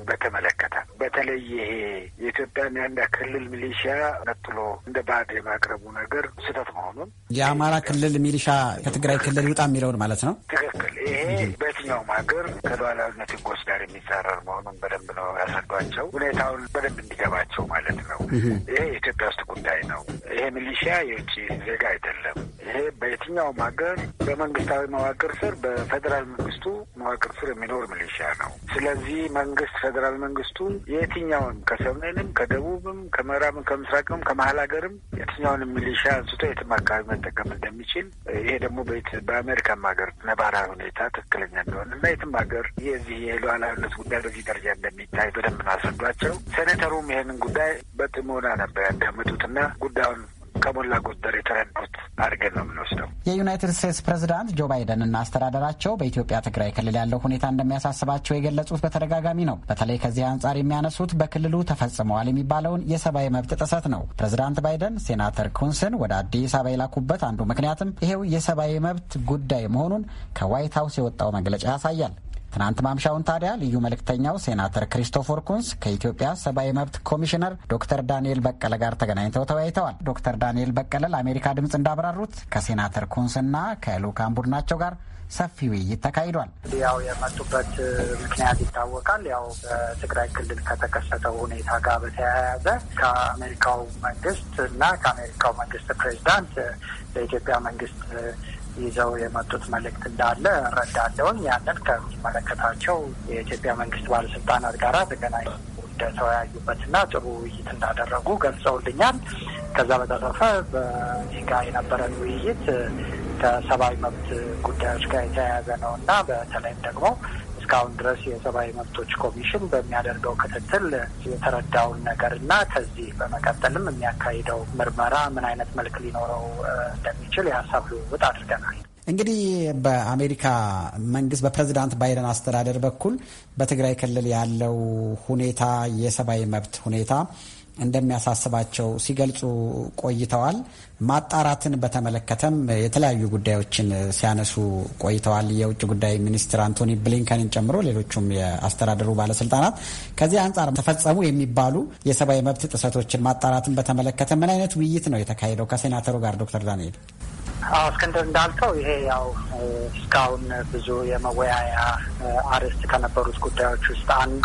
በተመለከተ በተለይ ይሄ የኢትዮጵያን የአንድ ክልል ሚሊሻ ነጥሎ እንደ ባዕድ የማቅረቡ ነገር ስህተት መሆኑን የአማራ ክልል ሚሊሻ ከትግራይ ክልል ይውጣ የሚለውን ማለት ነው። ትክክል። ይሄ በየትኛውም ሀገር ከሉዓላዊነት ሕጎች ጋር የሚጻረር መሆኑን በደንብ ነው ያስረዷቸው፣ ሁኔታውን በደንብ እንዲገባቸው ማለት ነው። ይሄ የኢትዮጵያ ውስጥ ጉዳይ ነው። ይሄ ሚሊሻ የውጭ ዜጋ አይደለም። ይሄ በየትኛውም ሀገር በመንግስታዊ መዋቅር ስር በፌዴራል መንግስቱ መዋቅር ስር የሚኖር ሚሊሻ ነው። ስለዚህ መንግስት ፌዴራል መንግስቱ የትኛውን ከሰሜንም፣ ከደቡብም፣ ከምዕራብም፣ ከምስራቅም፣ ከመሀል ሀገርም የትኛውንም ሚሊሻ አንስቶ የትም አካባቢ መጠቀም እንደሚችል ይሄ ደግሞ በአሜሪካም ሀገር ነባራዊ ሁኔታ ትክክለኛ እንደሆነ እና የትም ሀገር የዚህ የሉዓላዊነት ጉዳይ በዚህ ደረጃ እንደሚታይ በደንብ አስረዷቸው። ሴኔተሩም ይህንን ጉዳይ በጥሞና ነበር ያዳመጡት ያዳመጡትና ጉዳዩን ከሞላ ጎደር የተረዱት አድርገን ነው የምንወስደው። የዩናይትድ ስቴትስ ፕሬዝዳንት ጆ ባይደን እና አስተዳደራቸው በኢትዮጵያ ትግራይ ክልል ያለው ሁኔታ እንደሚያሳስባቸው የገለጹት በተደጋጋሚ ነው። በተለይ ከዚህ አንጻር የሚያነሱት በክልሉ ተፈጽመዋል የሚባለውን የሰብአዊ መብት ጥሰት ነው። ፕሬዚዳንት ባይደን ሴናተር ኩንስን ወደ አዲስ አበባ የላኩበት አንዱ ምክንያትም ይሄው የሰብአዊ መብት ጉዳይ መሆኑን ከዋይት ሀውስ የወጣው መግለጫ ያሳያል። ትናንት ማምሻውን ታዲያ ልዩ መልእክተኛው ሴናተር ክሪስቶፈር ኩንስ ከኢትዮጵያ ሰብአዊ መብት ኮሚሽነር ዶክተር ዳንኤል በቀለ ጋር ተገናኝተው ተወያይተዋል። ዶክተር ዳንኤል በቀለ ለአሜሪካ ድምፅ እንዳብራሩት ከሴናተር ኩንስና ከልኡካን ቡድናቸው ጋር ሰፊ ውይይት ተካሂዷል። ያው የመጡበት ምክንያት ይታወቃል። ያው በትግራይ ክልል ከተከሰተው ሁኔታ ጋር በተያያዘ ከአሜሪካው መንግስት እና ከአሜሪካው መንግስት ፕሬዚዳንት ለኢትዮጵያ መንግስት ይዘው የመጡት መልእክት እንዳለ እረዳለሁኝ። ያንን ከሚመለከታቸው የኢትዮጵያ መንግስት ባለስልጣናት ጋር ተገናኝ እንደተወያዩበትና ጥሩ ውይይት እንዳደረጉ ገልጸውልኛል። ከዛ በተረፈ በዚህ ጋር የነበረን ውይይት ከሰብአዊ መብት ጉዳዮች ጋር የተያያዘ ነው እና በተለይም ደግሞ እስካሁን ድረስ የሰብአዊ መብቶች ኮሚሽን በሚያደርገው ክትትል የተረዳውን ነገር እና ከዚህ በመቀጠልም የሚያካሂደው ምርመራ ምን አይነት መልክ ሊኖረው እንደሚችል የሀሳብ ልውውጥ አድርገናል። እንግዲህ በአሜሪካ መንግስት በፕሬዚዳንት ባይደን አስተዳደር በኩል በትግራይ ክልል ያለው ሁኔታ የሰብአዊ መብት ሁኔታ እንደሚያሳስባቸው ሲገልጹ ቆይተዋል። ማጣራትን በተመለከተም የተለያዩ ጉዳዮችን ሲያነሱ ቆይተዋል። የውጭ ጉዳይ ሚኒስትር አንቶኒ ብሊንከንን ጨምሮ ሌሎቹም የአስተዳደሩ ባለስልጣናት ከዚህ አንጻር ተፈጸሙ የሚባሉ የሰብአዊ መብት ጥሰቶችን ማጣራትን በተመለከተ ምን አይነት ውይይት ነው የተካሄደው ከሴናተሩ ጋር ዶክተር ዳንኤል? አዎ እስክንድር እንዳልከው ይሄ ያው እስካሁን ብዙ የመወያያ አርዕስት ከነበሩት ጉዳዮች ውስጥ አንዱ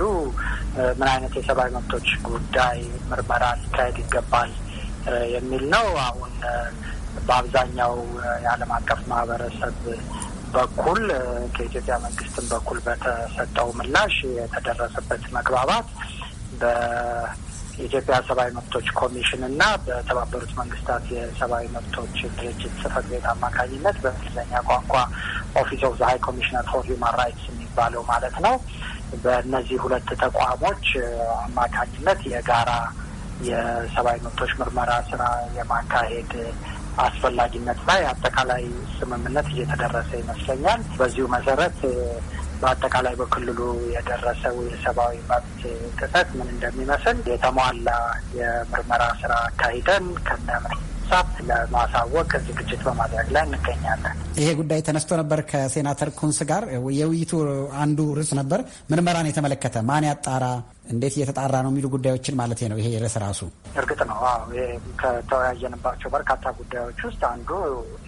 ምን አይነት የሰብአዊ መብቶች ጉዳይ ምርመራ ሊካሄድ ይገባል የሚል ነው። አሁን በአብዛኛው የዓለም አቀፍ ማህበረሰብ በኩል ከኢትዮጵያ መንግስትም በኩል በተሰጠው ምላሽ የተደረሰበት መግባባት የኢትዮጵያ ሰብአዊ መብቶች ኮሚሽን እና በተባበሩት መንግስታት የሰብአዊ መብቶች ድርጅት ጽህፈት ቤት አማካኝነት በእንግሊዝኛ ቋንቋ ኦፊስ ኦፍ ዘ ሀይ ኮሚሽነር ፎር ሂውማን ራይትስ የሚባለው ማለት ነው። በእነዚህ ሁለት ተቋሞች አማካኝነት የጋራ የሰብአዊ መብቶች ምርመራ ስራ የማካሄድ አስፈላጊነት ላይ አጠቃላይ ስምምነት እየተደረሰ ይመስለኛል። በዚሁ መሰረት በአጠቃላይ በክልሉ የደረሰው የሰብአዊ መብት ጥሰት ምን እንደሚመስል የተሟላ የምርመራ ስራ አካሂደን ከነ ሀሳብ ለማሳወቅ ዝግጅት በማድረግ ላይ እንገኛለን። ይሄ ጉዳይ ተነስቶ ነበር ከሴናተር ኩንስ ጋር የውይይቱ አንዱ ርዕስ ነበር። ምርመራን የተመለከተ ማን ያጣራ እንዴት እየተጣራ ነው የሚሉ ጉዳዮችን ማለት ነው። ይሄ ርዕስ ራሱ እርግጥ ነው ከተወያየንባቸው በርካታ ጉዳዮች ውስጥ አንዱ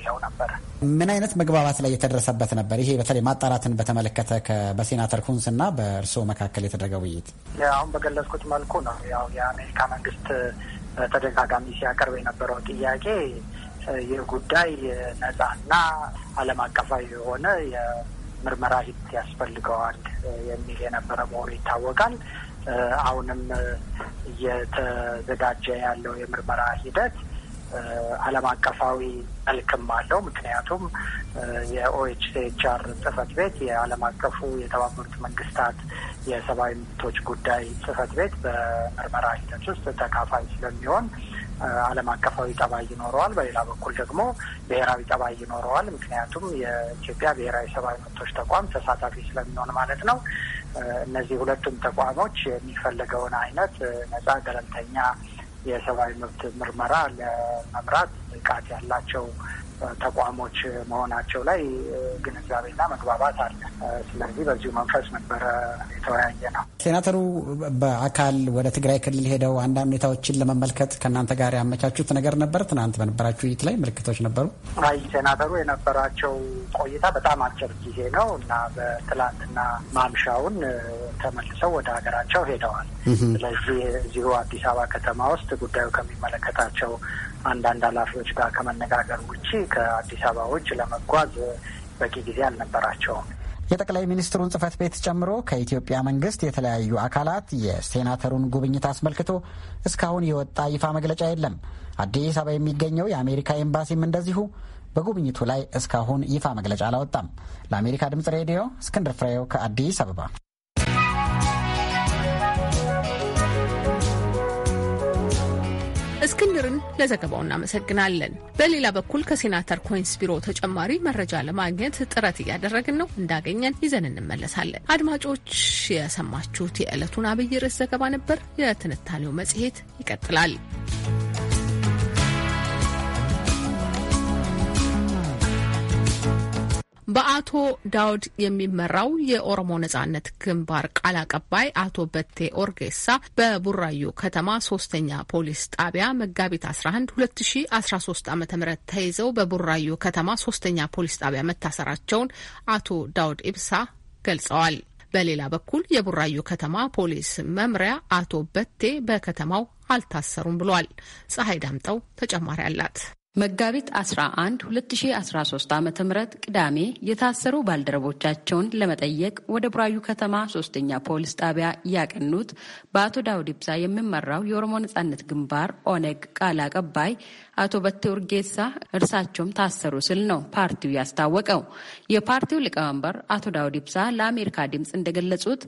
ይኸው ነበረ። ምን አይነት መግባባት ላይ የተደረሰበት ነበር? ይሄ በተለይ ማጣራትን በተመለከተ በሴናተር ኩንስ እና በእርስዎ መካከል የተደረገ ውይይት አሁን በገለጽኩት መልኩ ነው። ያው የአሜሪካ መንግስት በተደጋጋሚ ሲያቀርብ የነበረው ጥያቄ ይህ ጉዳይ ነጻና ዓለም አቀፋዊ የሆነ የምርመራ ሂደት ያስፈልገዋል የሚል የነበረ መሆኑ ይታወቃል። አሁንም እየተዘጋጀ ያለው የምርመራ ሂደት ዓለም አቀፋዊ መልክም አለው። ምክንያቱም የኦኤችሲኤችአር ጽህፈት ቤት የዓለም አቀፉ የተባበሩት መንግስታት የሰብአዊ መብቶች ጉዳይ ጽህፈት ቤት በምርመራ ሂደት ውስጥ ተካፋይ ስለሚሆን ዓለም አቀፋዊ ጠባይ ይኖረዋል። በሌላ በኩል ደግሞ ብሔራዊ ጠባይ ይኖረዋል። ምክንያቱም የኢትዮጵያ ብሔራዊ ሰብአዊ መብቶች ተቋም ተሳታፊ ስለሚሆን ማለት ነው። እነዚህ ሁለቱም ተቋሞች የሚፈለገውን አይነት ነጻ፣ ገለልተኛ የሰብአዊ መብት ምርመራ ለመምራት ብቃት ያላቸው ተቋሞች መሆናቸው ላይ ግንዛቤና መግባባት አለ። ስለዚህ በዚሁ መንፈስ ነበረ የተወያየ ነው። ሴናተሩ በአካል ወደ ትግራይ ክልል ሄደው አንዳንድ ሁኔታዎችን ለመመልከት ከእናንተ ጋር ያመቻቹት ነገር ነበር። ትናንት በነበራችሁ ውይይት ላይ ምልክቶች ነበሩ? አይ ሴናተሩ የነበራቸው ቆይታ በጣም አጭር ጊዜ ነው እና በትላንትና ማምሻውን ተመልሰው ወደ ሀገራቸው ሄደዋል። ስለዚህ እዚሁ አዲስ አበባ ከተማ ውስጥ ጉዳዩ ከሚመለከታቸው አንዳንድ ኃላፊዎች ጋር ከመነጋገር ውጭ ከአዲስ አበባ ውጭ ለመጓዝ በቂ ጊዜ አልነበራቸውም። የጠቅላይ ሚኒስትሩን ጽህፈት ቤት ጨምሮ ከኢትዮጵያ መንግስት የተለያዩ አካላት የሴናተሩን ጉብኝት አስመልክቶ እስካሁን የወጣ ይፋ መግለጫ የለም። አዲስ አበባ የሚገኘው የአሜሪካ ኤምባሲም እንደዚሁ በጉብኝቱ ላይ እስካሁን ይፋ መግለጫ አላወጣም። ለአሜሪካ ድምጽ ሬዲዮ እስክንድር ፍሬው ከአዲስ አበባ እስክንድርን ለዘገባው እናመሰግናለን። በሌላ በኩል ከሴናተር ኮይንስ ቢሮ ተጨማሪ መረጃ ለማግኘት ጥረት እያደረግን ነው። እንዳገኘን ይዘን እንመለሳለን። አድማጮች፣ የሰማችሁት የዕለቱን አብይ ርዕስ ዘገባ ነበር። የትንታኔው መጽሔት ይቀጥላል። በአቶ ዳውድ የሚመራው የኦሮሞ ነጻነት ግንባር ቃል አቀባይ አቶ በቴ ኦርጌሳ በቡራዩ ከተማ ሶስተኛ ፖሊስ ጣቢያ መጋቢት 11 2013 ዓ ም ተይዘው በቡራዩ ከተማ ሶስተኛ ፖሊስ ጣቢያ መታሰራቸውን አቶ ዳውድ ኢብሳ ገልጸዋል። በሌላ በኩል የቡራዩ ከተማ ፖሊስ መምሪያ አቶ በቴ በከተማው አልታሰሩም ብሏል። ፀሐይ ዳምጠው ተጨማሪ አላት። መጋቢት 11 2013 ዓ ም ቅዳሜ የታሰሩ ባልደረቦቻቸውን ለመጠየቅ ወደ ቡራዩ ከተማ ሶስተኛ ፖሊስ ጣቢያ ያቀኑት በአቶ ዳውድ ኢብሳ የሚመራው የኦሮሞ ነጻነት ግንባር ኦነግ ቃል አቀባይ አቶ በቴ ኡርጌሳ እርሳቸውም ታሰሩ ስል ነው ፓርቲው ያስታወቀው። የፓርቲው ሊቀመንበር አቶ ዳውድ ኢብሳ ለአሜሪካ ድምፅ እንደገለጹት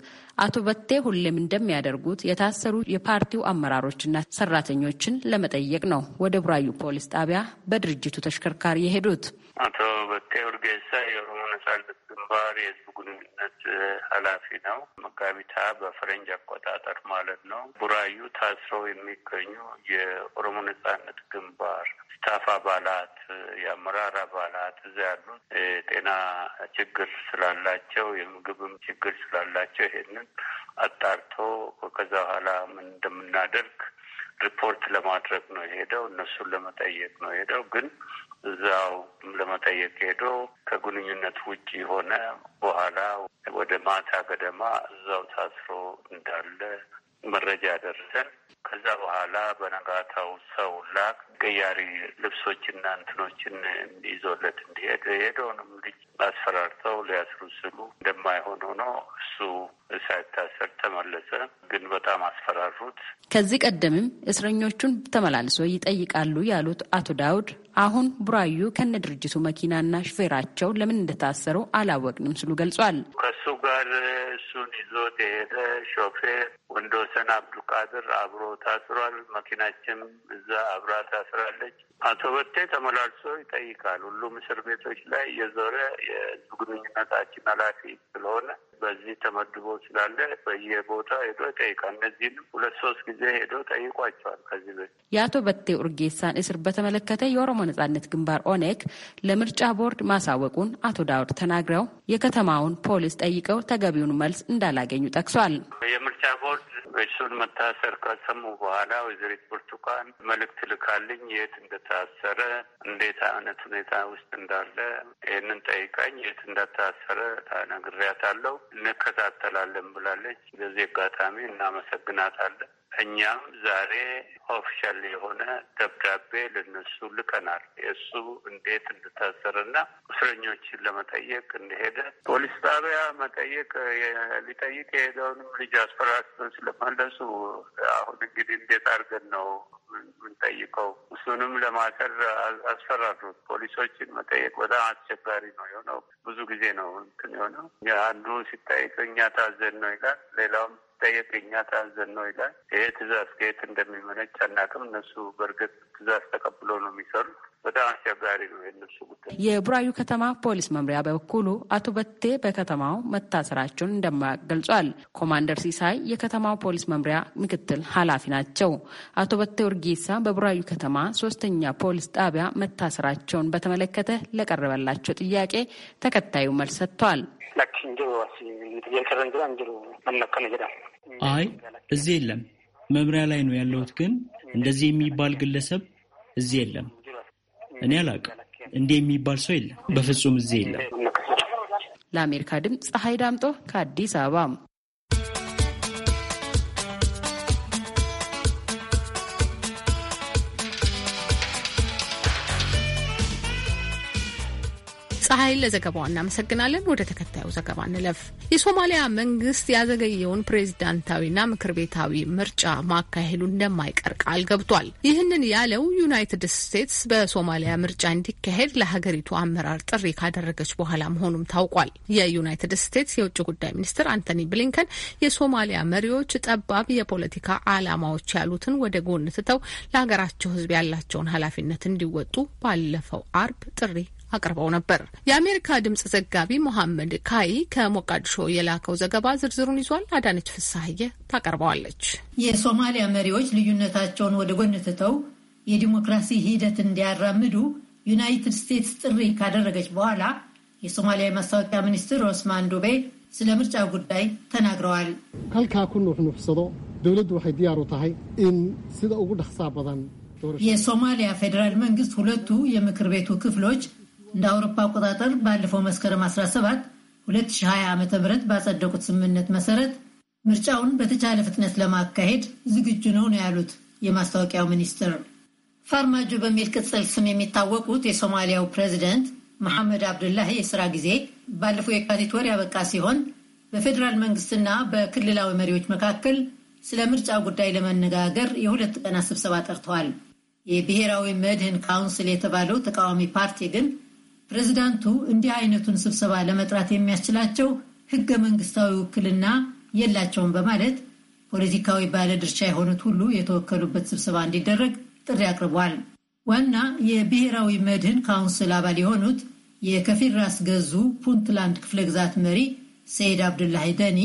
አቶ በቴ ሁሌም እንደሚያደርጉት የታሰሩ የፓርቲው አመራሮችና ሰራተኞችን ለመጠየቅ ነው ወደ ቡራዩ ፖሊስ ጣቢያ በድርጅቱ ተሽከርካሪ የሄዱት። አቶ በቴ ኡርጌሳ ነጻነት ግንባር የህዝብ ግንኙነት ኃላፊ ነው። መጋቢት በፈረንጅ አቆጣጠር ማለት ነው። ቡራዩ ታስረው የሚገኙ የኦሮሞ ነጻነት ግንባር ስታፍ አባላት፣ የአመራር አባላት እዚ ያሉት የጤና ችግር ስላላቸው የምግብም ችግር ስላላቸው ይሄንን አጣርቶ ከዛ በኋላ ምን እንደምናደርግ ሪፖርት ለማድረግ ነው የሄደው። እነሱን ለመጠየቅ ነው የሄደው ግን እዛው ለመጠየቅ ሄዶ ከግንኙነት ውጭ የሆነ በኋላ ወደ ማታ ገደማ እዛው ታስሮ እንዳለ መረጃ ደርሰን ከዛ በኋላ በነጋታው ሰው ላክ ቀያሪ ልብሶችና እንትኖችን ይዞለት እንዲሄድ የሄደውንም ልጅ አስፈራርተው ሊያስሩ ስሉ እንደማይሆን ሆኖ እሱ ሳይታሰር ተመለሰ። ግን በጣም አስፈራሩት። ከዚህ ቀደምም እስረኞቹን ተመላልሶ ይጠይቃሉ ያሉት አቶ ዳውድ አሁን ቡራዩ ከነ ድርጅቱ መኪናና ሹፌራቸው ለምን እንደታሰሩ አላወቅንም ስሉ ገልጿል። ከሱ ጋር እሱን ይዞት የሄደ ሾፌር ወንዶ ሀሰን አብዱልቃድር አብሮ ታስሯል። መኪናችን እዛ አብራ ታስራለች። አቶ በቴ ተመላልሶ ይጠይቃል። ሁሉም እስር ቤቶች ላይ የዞረ የህዝብ ግንኙነታችን ኃላፊ ስለሆነ በዚህ ተመድቦ ስላለ በየቦታ ሄዶ ይጠይቃል። እነዚህንም ሁለት ሶስት ጊዜ ሄዶ ጠይቋቸዋል። ከዚህ በ የአቶ በቴ ኡርጌሳን እስር በተመለከተ የኦሮሞ ነጻነት ግንባር ኦኔግ ለምርጫ ቦርድ ማሳወቁን አቶ ዳውድ ተናግረው የከተማውን ፖሊስ ጠይቀው ተገቢውን መልስ እንዳላገኙ ጠቅሷል። የምርጫ ቦርድ እሱን መታሰር ከሰሙ በኋላ ወይዘሪት ብርቱካን መልእክት ልካልኝ የት እንደታሰረ እንዴት አይነት ሁኔታ ውስጥ እንዳለ ይህንን ጠይቃኝ የት እንደታሰረ ነግሬያታለሁ። እንከታተላለን ብላለች። በዚህ አጋጣሚ እናመሰግናታለን። እኛም ዛሬ ኦፊሻል የሆነ ደብዳቤ ልነሱ ልከናል። የእሱ እንዴት እንደታሰረና እስረኞችን ለመጠየቅ እንደሄደ ፖሊስ ጣቢያ መጠየቅ ሊጠይቅ የሄደውንም ልጅ አስፈራርተው ስለመለሱ አሁን እንግዲህ እንዴት አድርገን ነው የምንጠይቀው? እሱንም ለማሰር አስፈራሩት። ፖሊሶችን መጠየቅ በጣም አስቸጋሪ ነው የሆነው። ብዙ ጊዜ ነው እንትን የሆነው። አንዱ ሲጠይቅ እኛ ታዘን ነው ይላል፣ ሌላውም ጠየቅ እኛ ታዘን ነው ይላል። ይሄ ትእዛዝ ከየት እንደሚመነጭ አናውቅም። እነሱ በእርግጥ ትእዛዝ ተቀብሎ ነው የሚሰሩት። በጣም አስቸጋሪ ነው የእነሱ ጉዳይ። የቡራዩ ከተማ ፖሊስ መምሪያ በበኩሉ አቶ በቴ በከተማው መታሰራቸውን እንደማያውቅ ገልጿል። ኮማንደር ሲሳይ የከተማው ፖሊስ መምሪያ ምክትል ኃላፊ ናቸው። አቶ በቴ ኡርጌሳ በቡራዩ ከተማ ሶስተኛ ፖሊስ ጣቢያ መታሰራቸውን በተመለከተ ለቀረበላቸው ጥያቄ ተከታዩ መልስ ሰጥቷል። አይ እዚህ የለም። መምሪያ ላይ ነው ያለሁት፣ ግን እንደዚህ የሚባል ግለሰብ እዚህ የለም። እኔ አላውቅም። እንዲህ የሚባል ሰው የለም፣ በፍጹም እዚህ የለም። ለአሜሪካ ድምፅ ፀሐይ ዳምጦ ከአዲስ አበባ ፀሐይ ለዘገባዋ እናመሰግናለን። ወደ ተከታዩ ዘገባ እንለፍ። የሶማሊያ መንግስት ያዘገየውን ፕሬዚዳንታዊና ምክር ቤታዊ ምርጫ ማካሄዱ እንደማይቀር ቃል ገብቷል። ይህንን ያለው ዩናይትድ ስቴትስ በሶማሊያ ምርጫ እንዲካሄድ ለሀገሪቱ አመራር ጥሪ ካደረገች በኋላ መሆኑም ታውቋል። የዩናይትድ ስቴትስ የውጭ ጉዳይ ሚኒስትር አንቶኒ ብሊንከን የሶማሊያ መሪዎች ጠባብ የፖለቲካ አላማዎች ያሉትን ወደ ጎን ትተው ለሀገራቸው ህዝብ ያላቸውን ኃላፊነት እንዲወጡ ባለፈው አርብ ጥሪ አቅርበው ነበር። የአሜሪካ ድምጽ ዘጋቢ ሞሐመድ ካይ ከሞቃዲሾ የላከው ዘገባ ዝርዝሩን ይዟል። አዳነች ፍሳሀየ ታቀርበዋለች። የሶማሊያ መሪዎች ልዩነታቸውን ወደ ጎን ትተው የዲሞክራሲ ሂደት እንዲያራምዱ ዩናይትድ ስቴትስ ጥሪ ካደረገች በኋላ የሶማሊያ የማስታወቂያ ሚኒስትር ኦስማን ዱቤ ስለ ምርጫ ጉዳይ ተናግረዋል። አልካ ኩን ንፍሰዶ ደውለዱ ዋይ ድያሩ ታሃይ እን ስለ ኡጉ ደክሳ በዳን የሶማሊያ ፌዴራል መንግስት ሁለቱ የምክር ቤቱ ክፍሎች እንደ አውሮፓ አቆጣጠር ባለፈው መስከረም 17 2020 ዓ ም ባጸደቁት ስምምነት መሰረት ምርጫውን በተቻለ ፍጥነት ለማካሄድ ዝግጁ ነው ነው ያሉት የማስታወቂያው ሚኒስትር። ፋርማጆ በሚል ቅጽል ስም የሚታወቁት የሶማሊያው ፕሬዚደንት መሐመድ አብዱላሂ የስራ ጊዜ ባለፈው የካቲት ወር ያበቃ ሲሆን በፌዴራል መንግስትና በክልላዊ መሪዎች መካከል ስለ ምርጫ ጉዳይ ለመነጋገር የሁለት ቀናት ስብሰባ ጠርተዋል። የብሔራዊ መድህን ካውንስል የተባለው ተቃዋሚ ፓርቲ ግን ፕሬዚዳንቱ እንዲህ አይነቱን ስብሰባ ለመጥራት የሚያስችላቸው ህገ መንግስታዊ ውክልና የላቸውም በማለት ፖለቲካዊ ባለድርሻ የሆኑት ሁሉ የተወከሉበት ስብሰባ እንዲደረግ ጥሪ አቅርቧል። ዋና የብሔራዊ መድህን ካውንስል አባል የሆኑት የከፊል ራስ ገዙ ፑንትላንድ ክፍለ ግዛት መሪ ሰይድ አብዱላሂ ደኒ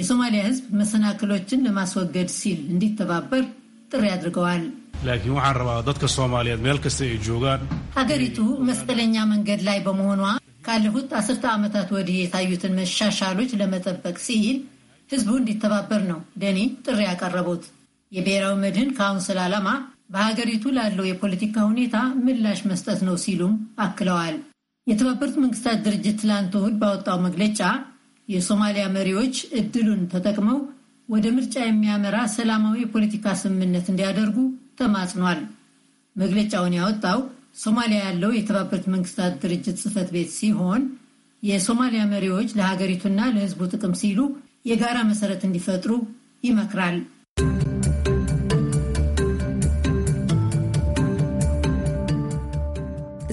የሶማሊያ ህዝብ መሰናክሎችን ለማስወገድ ሲል እንዲተባበር ጥሪ አድርገዋል። laakiin waxaan rabaa dadka soomaaliyeed meel kasta ay joogaan ሀገሪቱ መስቀለኛ መንገድ ላይ በመሆኗ ካለፉት አስርተ ዓመታት ወዲህ የታዩትን መሻሻሎች ለመጠበቅ ሲል ህዝቡ እንዲተባበር ነው ደኔ ጥሪ ያቀረቡት። የብሔራዊ መድህን ካውንስል ዓላማ በሀገሪቱ ላለው የፖለቲካ ሁኔታ ምላሽ መስጠት ነው ሲሉም አክለዋል። የተባበሩት መንግስታት ድርጅት ትላንት እሑድ ባወጣው መግለጫ የሶማሊያ መሪዎች እድሉን ተጠቅመው ወደ ምርጫ የሚያመራ ሰላማዊ የፖለቲካ ስምምነት እንዲያደርጉ ተማጽኗል። መግለጫውን ያወጣው ሶማሊያ ያለው የተባበሩት መንግስታት ድርጅት ጽህፈት ቤት ሲሆን የሶማሊያ መሪዎች ለሀገሪቱና ለህዝቡ ጥቅም ሲሉ የጋራ መሰረት እንዲፈጥሩ ይመክራል።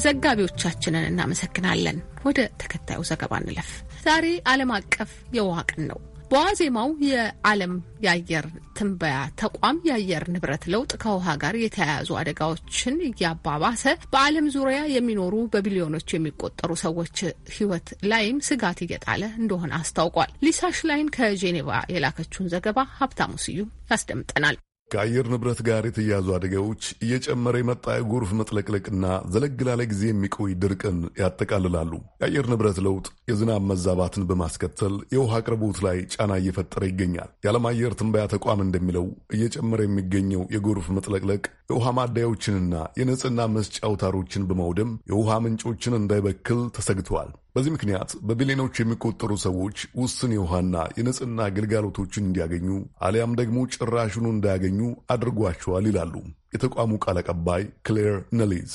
ዘጋቢዎቻችንን እናመሰግናለን። ወደ ተከታዩ ዘገባ እንለፍ። ዛሬ ዓለም አቀፍ የውሃ ቀን ነው። በዋዜማው የዓለም የአየር ትንበያ ተቋም የአየር ንብረት ለውጥ ከውሃ ጋር የተያያዙ አደጋዎችን እያባባሰ በዓለም ዙሪያ የሚኖሩ በቢሊዮኖች የሚቆጠሩ ሰዎች ሕይወት ላይም ስጋት እየጣለ እንደሆነ አስታውቋል። ሊሳ ሽላይን ከጄኔቫ የላከችውን ዘገባ ሀብታሙ ስዩም ያስደምጠናል። ከአየር ንብረት ጋር የተያያዙ አደጋዎች እየጨመረ የመጣ የጎርፍ መጥለቅለቅና ዘለግ ላለ ጊዜ የሚቆይ ድርቅን ያጠቃልላሉ። የአየር ንብረት ለውጥ የዝናብ መዛባትን በማስከተል የውሃ አቅርቦት ላይ ጫና እየፈጠረ ይገኛል። የዓለም አየር ትንበያ ተቋም እንደሚለው እየጨመረ የሚገኘው የጎርፍ መጥለቅለቅ የውሃ ማደያዎችንና የንጽህና መስጫ አውታሮችን በማውደም የውሃ ምንጮችን እንዳይበክል ተሰግተዋል። በዚህ ምክንያት በቢሊዮኖች የሚቆጠሩ ሰዎች ውስን የውሃና የንጽህና አገልጋሎቶችን እንዲያገኙ አሊያም ደግሞ ጭራሹኑ እንዳያገኙ አድርጓቸዋል ይላሉ የተቋሙ ቃል አቀባይ ክሌር ነሊዝ።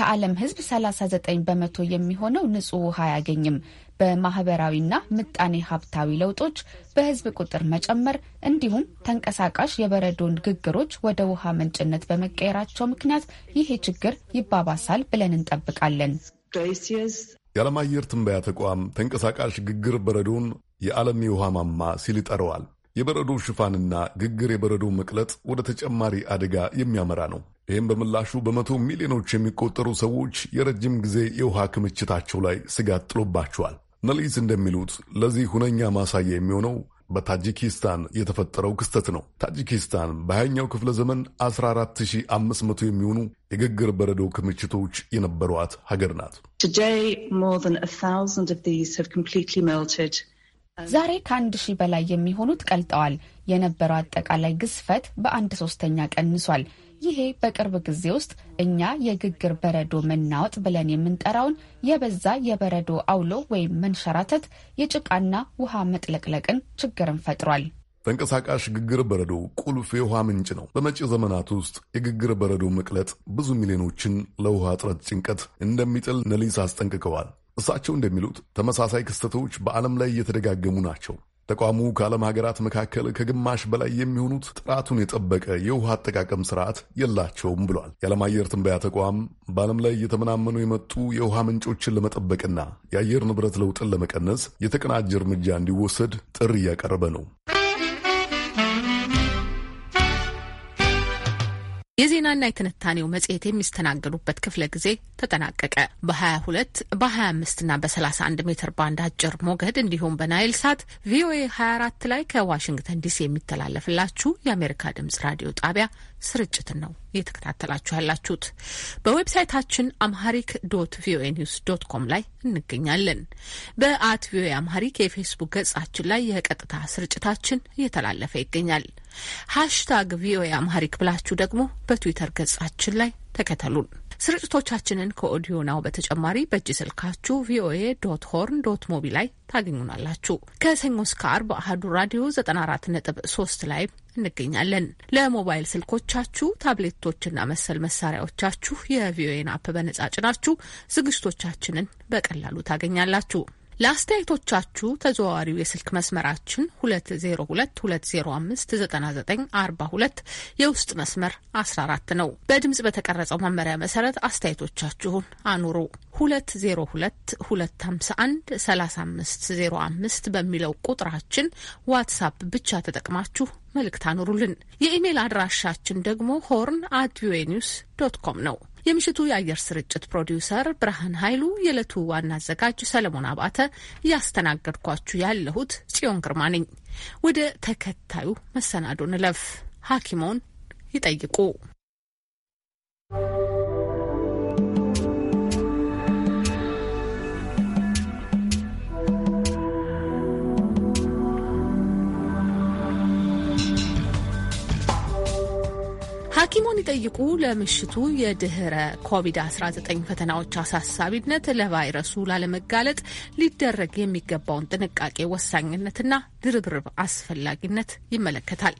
ከዓለም ሕዝብ 39 በመቶ የሚሆነው ንጹህ ውሃ አያገኝም። በማህበራዊና ምጣኔ ሀብታዊ ለውጦች፣ በህዝብ ቁጥር መጨመር እንዲሁም ተንቀሳቃሽ የበረዶ ግግሮች ወደ ውሃ ምንጭነት በመቀየራቸው ምክንያት ይሄ ችግር ይባባሳል ብለን እንጠብቃለን። የዓለም አየር ትንበያ ተቋም ተንቀሳቃሽ ግግር በረዶን የዓለም የውሃ ማማ ሲል ይጠረዋል። የበረዶ ሽፋንና ግግር የበረዶ መቅለጥ ወደ ተጨማሪ አደጋ የሚያመራ ነው። ይህም በምላሹ በመቶ ሚሊዮኖች የሚቆጠሩ ሰዎች የረጅም ጊዜ የውሃ ክምችታቸው ላይ ስጋት ጥሎባቸዋል። ነሊት እንደሚሉት ለዚህ ሁነኛ ማሳያ የሚሆነው በታጂኪስታን የተፈጠረው ክስተት ነው። ታጂኪስታን በሃያኛው ክፍለ ዘመን 14500 የሚሆኑ የገገር በረዶ ክምችቶች የነበሯት ሀገር ናት። ዛሬ ከአንድ ሺህ በላይ የሚሆኑት ቀልጠዋል። የነበረው አጠቃላይ ግዝፈት በአንድ ሶስተኛ ቀንሷል። ይሄ በቅርብ ጊዜ ውስጥ እኛ የግግር በረዶ መናወጥ ብለን የምንጠራውን የበዛ የበረዶ አውሎ ወይም መንሸራተት፣ የጭቃና ውሃ መጥለቅለቅን ችግርን ፈጥሯል። ተንቀሳቃሽ ግግር በረዶ ቁልፍ የውሃ ምንጭ ነው። በመጪ ዘመናት ውስጥ የግግር በረዶ መቅለጥ ብዙ ሚሊዮኖችን ለውሃ እጥረት ጭንቀት እንደሚጥል ነሊስ አስጠንቅቀዋል። እሳቸው እንደሚሉት ተመሳሳይ ክስተቶች በዓለም ላይ እየተደጋገሙ ናቸው። ተቋሙ ከዓለም ሀገራት መካከል ከግማሽ በላይ የሚሆኑት ጥራቱን የጠበቀ የውሃ አጠቃቀም ስርዓት የላቸውም ብሏል። የዓለም አየር ትንበያ ተቋም በዓለም ላይ እየተመናመኑ የመጡ የውሃ ምንጮችን ለመጠበቅና የአየር ንብረት ለውጥን ለመቀነስ የተቀናጀ እርምጃ እንዲወሰድ ጥሪ እያቀረበ ነው። የዜናና የትንታኔው መጽሔት የሚስተናገዱበት ክፍለ ጊዜ ተጠናቀቀ። በ22 25 እና በ31 ሜትር ባንድ አጭር ሞገድ እንዲሁም በናይል ሳት ቪኦኤ 24 ላይ ከዋሽንግተን ዲሲ የሚተላለፍላችሁ የአሜሪካ ድምጽ ራዲዮ ጣቢያ ስርጭትን ነው እየተከታተላችሁ ያላችሁት። በዌብሳይታችን አምሃሪክ ዶት ቪኦኤ ኒውስ ዶት ኮም ላይ እንገኛለን። በአት ቪኦኤ አምሃሪክ የፌስቡክ ገጻችን ላይ የቀጥታ ስርጭታችን እየተላለፈ ይገኛል። ሃሽታግ ቪኦኤ አምሃሪክ ብላችሁ ደግሞ በትዊተር ገጻችን ላይ ተከተሉን። ስርጭቶቻችንን ከኦዲዮ ናው በተጨማሪ በእጅ ስልካችሁ ቪኦኤ ዶት ሆርን ዶት ሞቢ ላይ ታገኙናላችሁ። ከሰኞ እስከ አርብ አህዱ ራዲዮ 94.3 ላይ እንገኛለን። ለሞባይል ስልኮቻችሁ፣ ታብሌቶችና መሰል መሳሪያዎቻችሁ የቪኦኤን አፕ በነጻ ጭናችሁ ዝግጅቶቻችንን በቀላሉ ታገኛላችሁ። ለአስተያየቶቻችሁ ተዘዋዋሪው የስልክ መስመራችን 2022059942 የውስጥ መስመር 14 ነው። በድምጽ በተቀረጸው መመሪያ መሰረት አስተያየቶቻችሁን አኑሩ። 2022513505 በሚለው ቁጥራችን ዋትሳፕ ብቻ ተጠቅማችሁ መልእክት አኑሩልን። የኢሜል አድራሻችን ደግሞ ሆርን አት ቪኦኤ ኒውስ ዶት ኮም ነው። የምሽቱ የአየር ስርጭት ፕሮዲውሰር ብርሃን ኃይሉ፣ የዕለቱ ዋና አዘጋጅ ሰለሞን አባተ፣ እያስተናገድኳችሁ ያለሁት ጽዮን ግርማ ነኝ። ወደ ተከታዩ መሰናዶ ንለፍ። ሐኪሞን ይጠይቁ። ሐኪሙን ይጠይቁ ለምሽቱ የድህረ ኮቪድ-19 ፈተናዎች አሳሳቢነት፣ ለቫይረሱ ላለመጋለጥ ሊደረግ የሚገባውን ጥንቃቄ ወሳኝነትና ድርብርብ አስፈላጊነት ይመለከታል።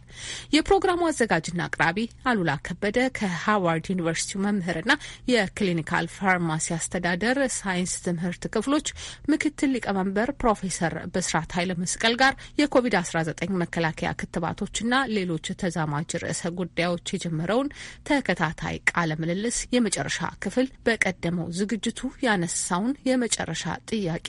የፕሮግራሙ አዘጋጅና አቅራቢ አሉላ ከበደ ከሃዋርድ ዩኒቨርሲቲ መምህርና የክሊኒካል ፋርማሲ አስተዳደር ሳይንስ ትምህርት ክፍሎች ምክትል ሊቀመንበር ፕሮፌሰር ብስራት ኃይለ መስቀል ጋር የኮቪድ-19 መከላከያ ክትባቶችና ሌሎች ተዛማጅ ርዕሰ ጉዳዮች የጀመረው የነበረውን ተከታታይ ቃለ ምልልስ የመጨረሻ ክፍል በቀደመው ዝግጅቱ ያነሳውን የመጨረሻ ጥያቄ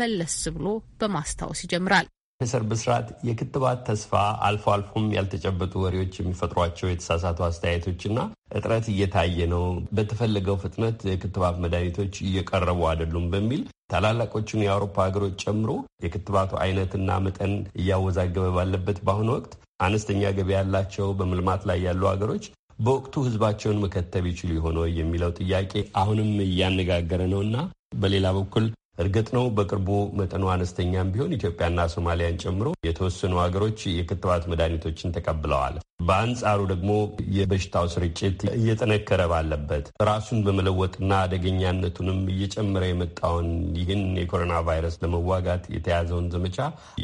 መለስ ብሎ በማስታወስ ይጀምራል። ፕሮፌሰር ብስራት የክትባት ተስፋ አልፎ አልፎም ያልተጨበጡ ወሬዎች የሚፈጥሯቸው የተሳሳቱ አስተያየቶችና እጥረት እየታየ ነው፣ በተፈለገው ፍጥነት የክትባት መድኃኒቶች እየቀረቡ አይደሉም በሚል ታላላቆቹን የአውሮፓ ሀገሮች ጨምሮ የክትባቱ አይነትና መጠን እያወዛገበ ባለበት በአሁኑ ወቅት አነስተኛ ገቢ ያላቸው በምልማት ላይ ያሉ ሀገሮች በወቅቱ ህዝባቸውን መከተብ ይችሉ የሆነ የሚለው ጥያቄ አሁንም እያነጋገረ ነውና፣ በሌላ በኩል እርግጥ ነው በቅርቡ መጠኑ አነስተኛም ቢሆን ኢትዮጵያና ሶማሊያን ጨምሮ የተወሰኑ ሀገሮች የክትባት መድኃኒቶችን ተቀብለዋል። በአንጻሩ ደግሞ የበሽታው ስርጭት እየጠነከረ ባለበት ራሱን በመለወጥና አደገኛነቱንም እየጨመረ የመጣውን ይህን የኮሮና ቫይረስ ለመዋጋት የተያዘውን ዘመቻ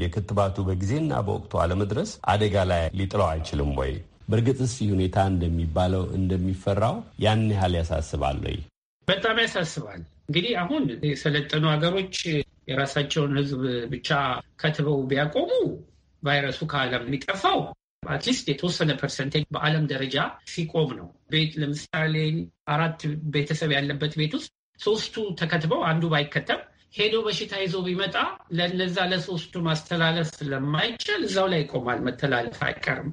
የክትባቱ በጊዜና በወቅቱ አለመድረስ አደጋ ላይ ሊጥለው አይችልም ወይ? በእርግጥስ ሁኔታ እንደሚባለው እንደሚፈራው ያን ያህል ያሳስባል ወይ? በጣም ያሳስባል። እንግዲህ አሁን የሰለጠኑ ሀገሮች የራሳቸውን ሕዝብ ብቻ ከትበው ቢያቆሙ ቫይረሱ ከዓለም የሚጠፋው አትሊስት የተወሰነ ፐርሰንቴጅ በዓለም ደረጃ ሲቆም ነው። ቤት ለምሳሌ አራት ቤተሰብ ያለበት ቤት ውስጥ ሶስቱ ተከትበው አንዱ ባይከተም ሄዶ በሽታ ይዞ ቢመጣ ለነዛ ለሶስቱ ማስተላለፍ ስለማይቻል እዛው ላይ ይቆማል። መተላለፍ አይቀርም።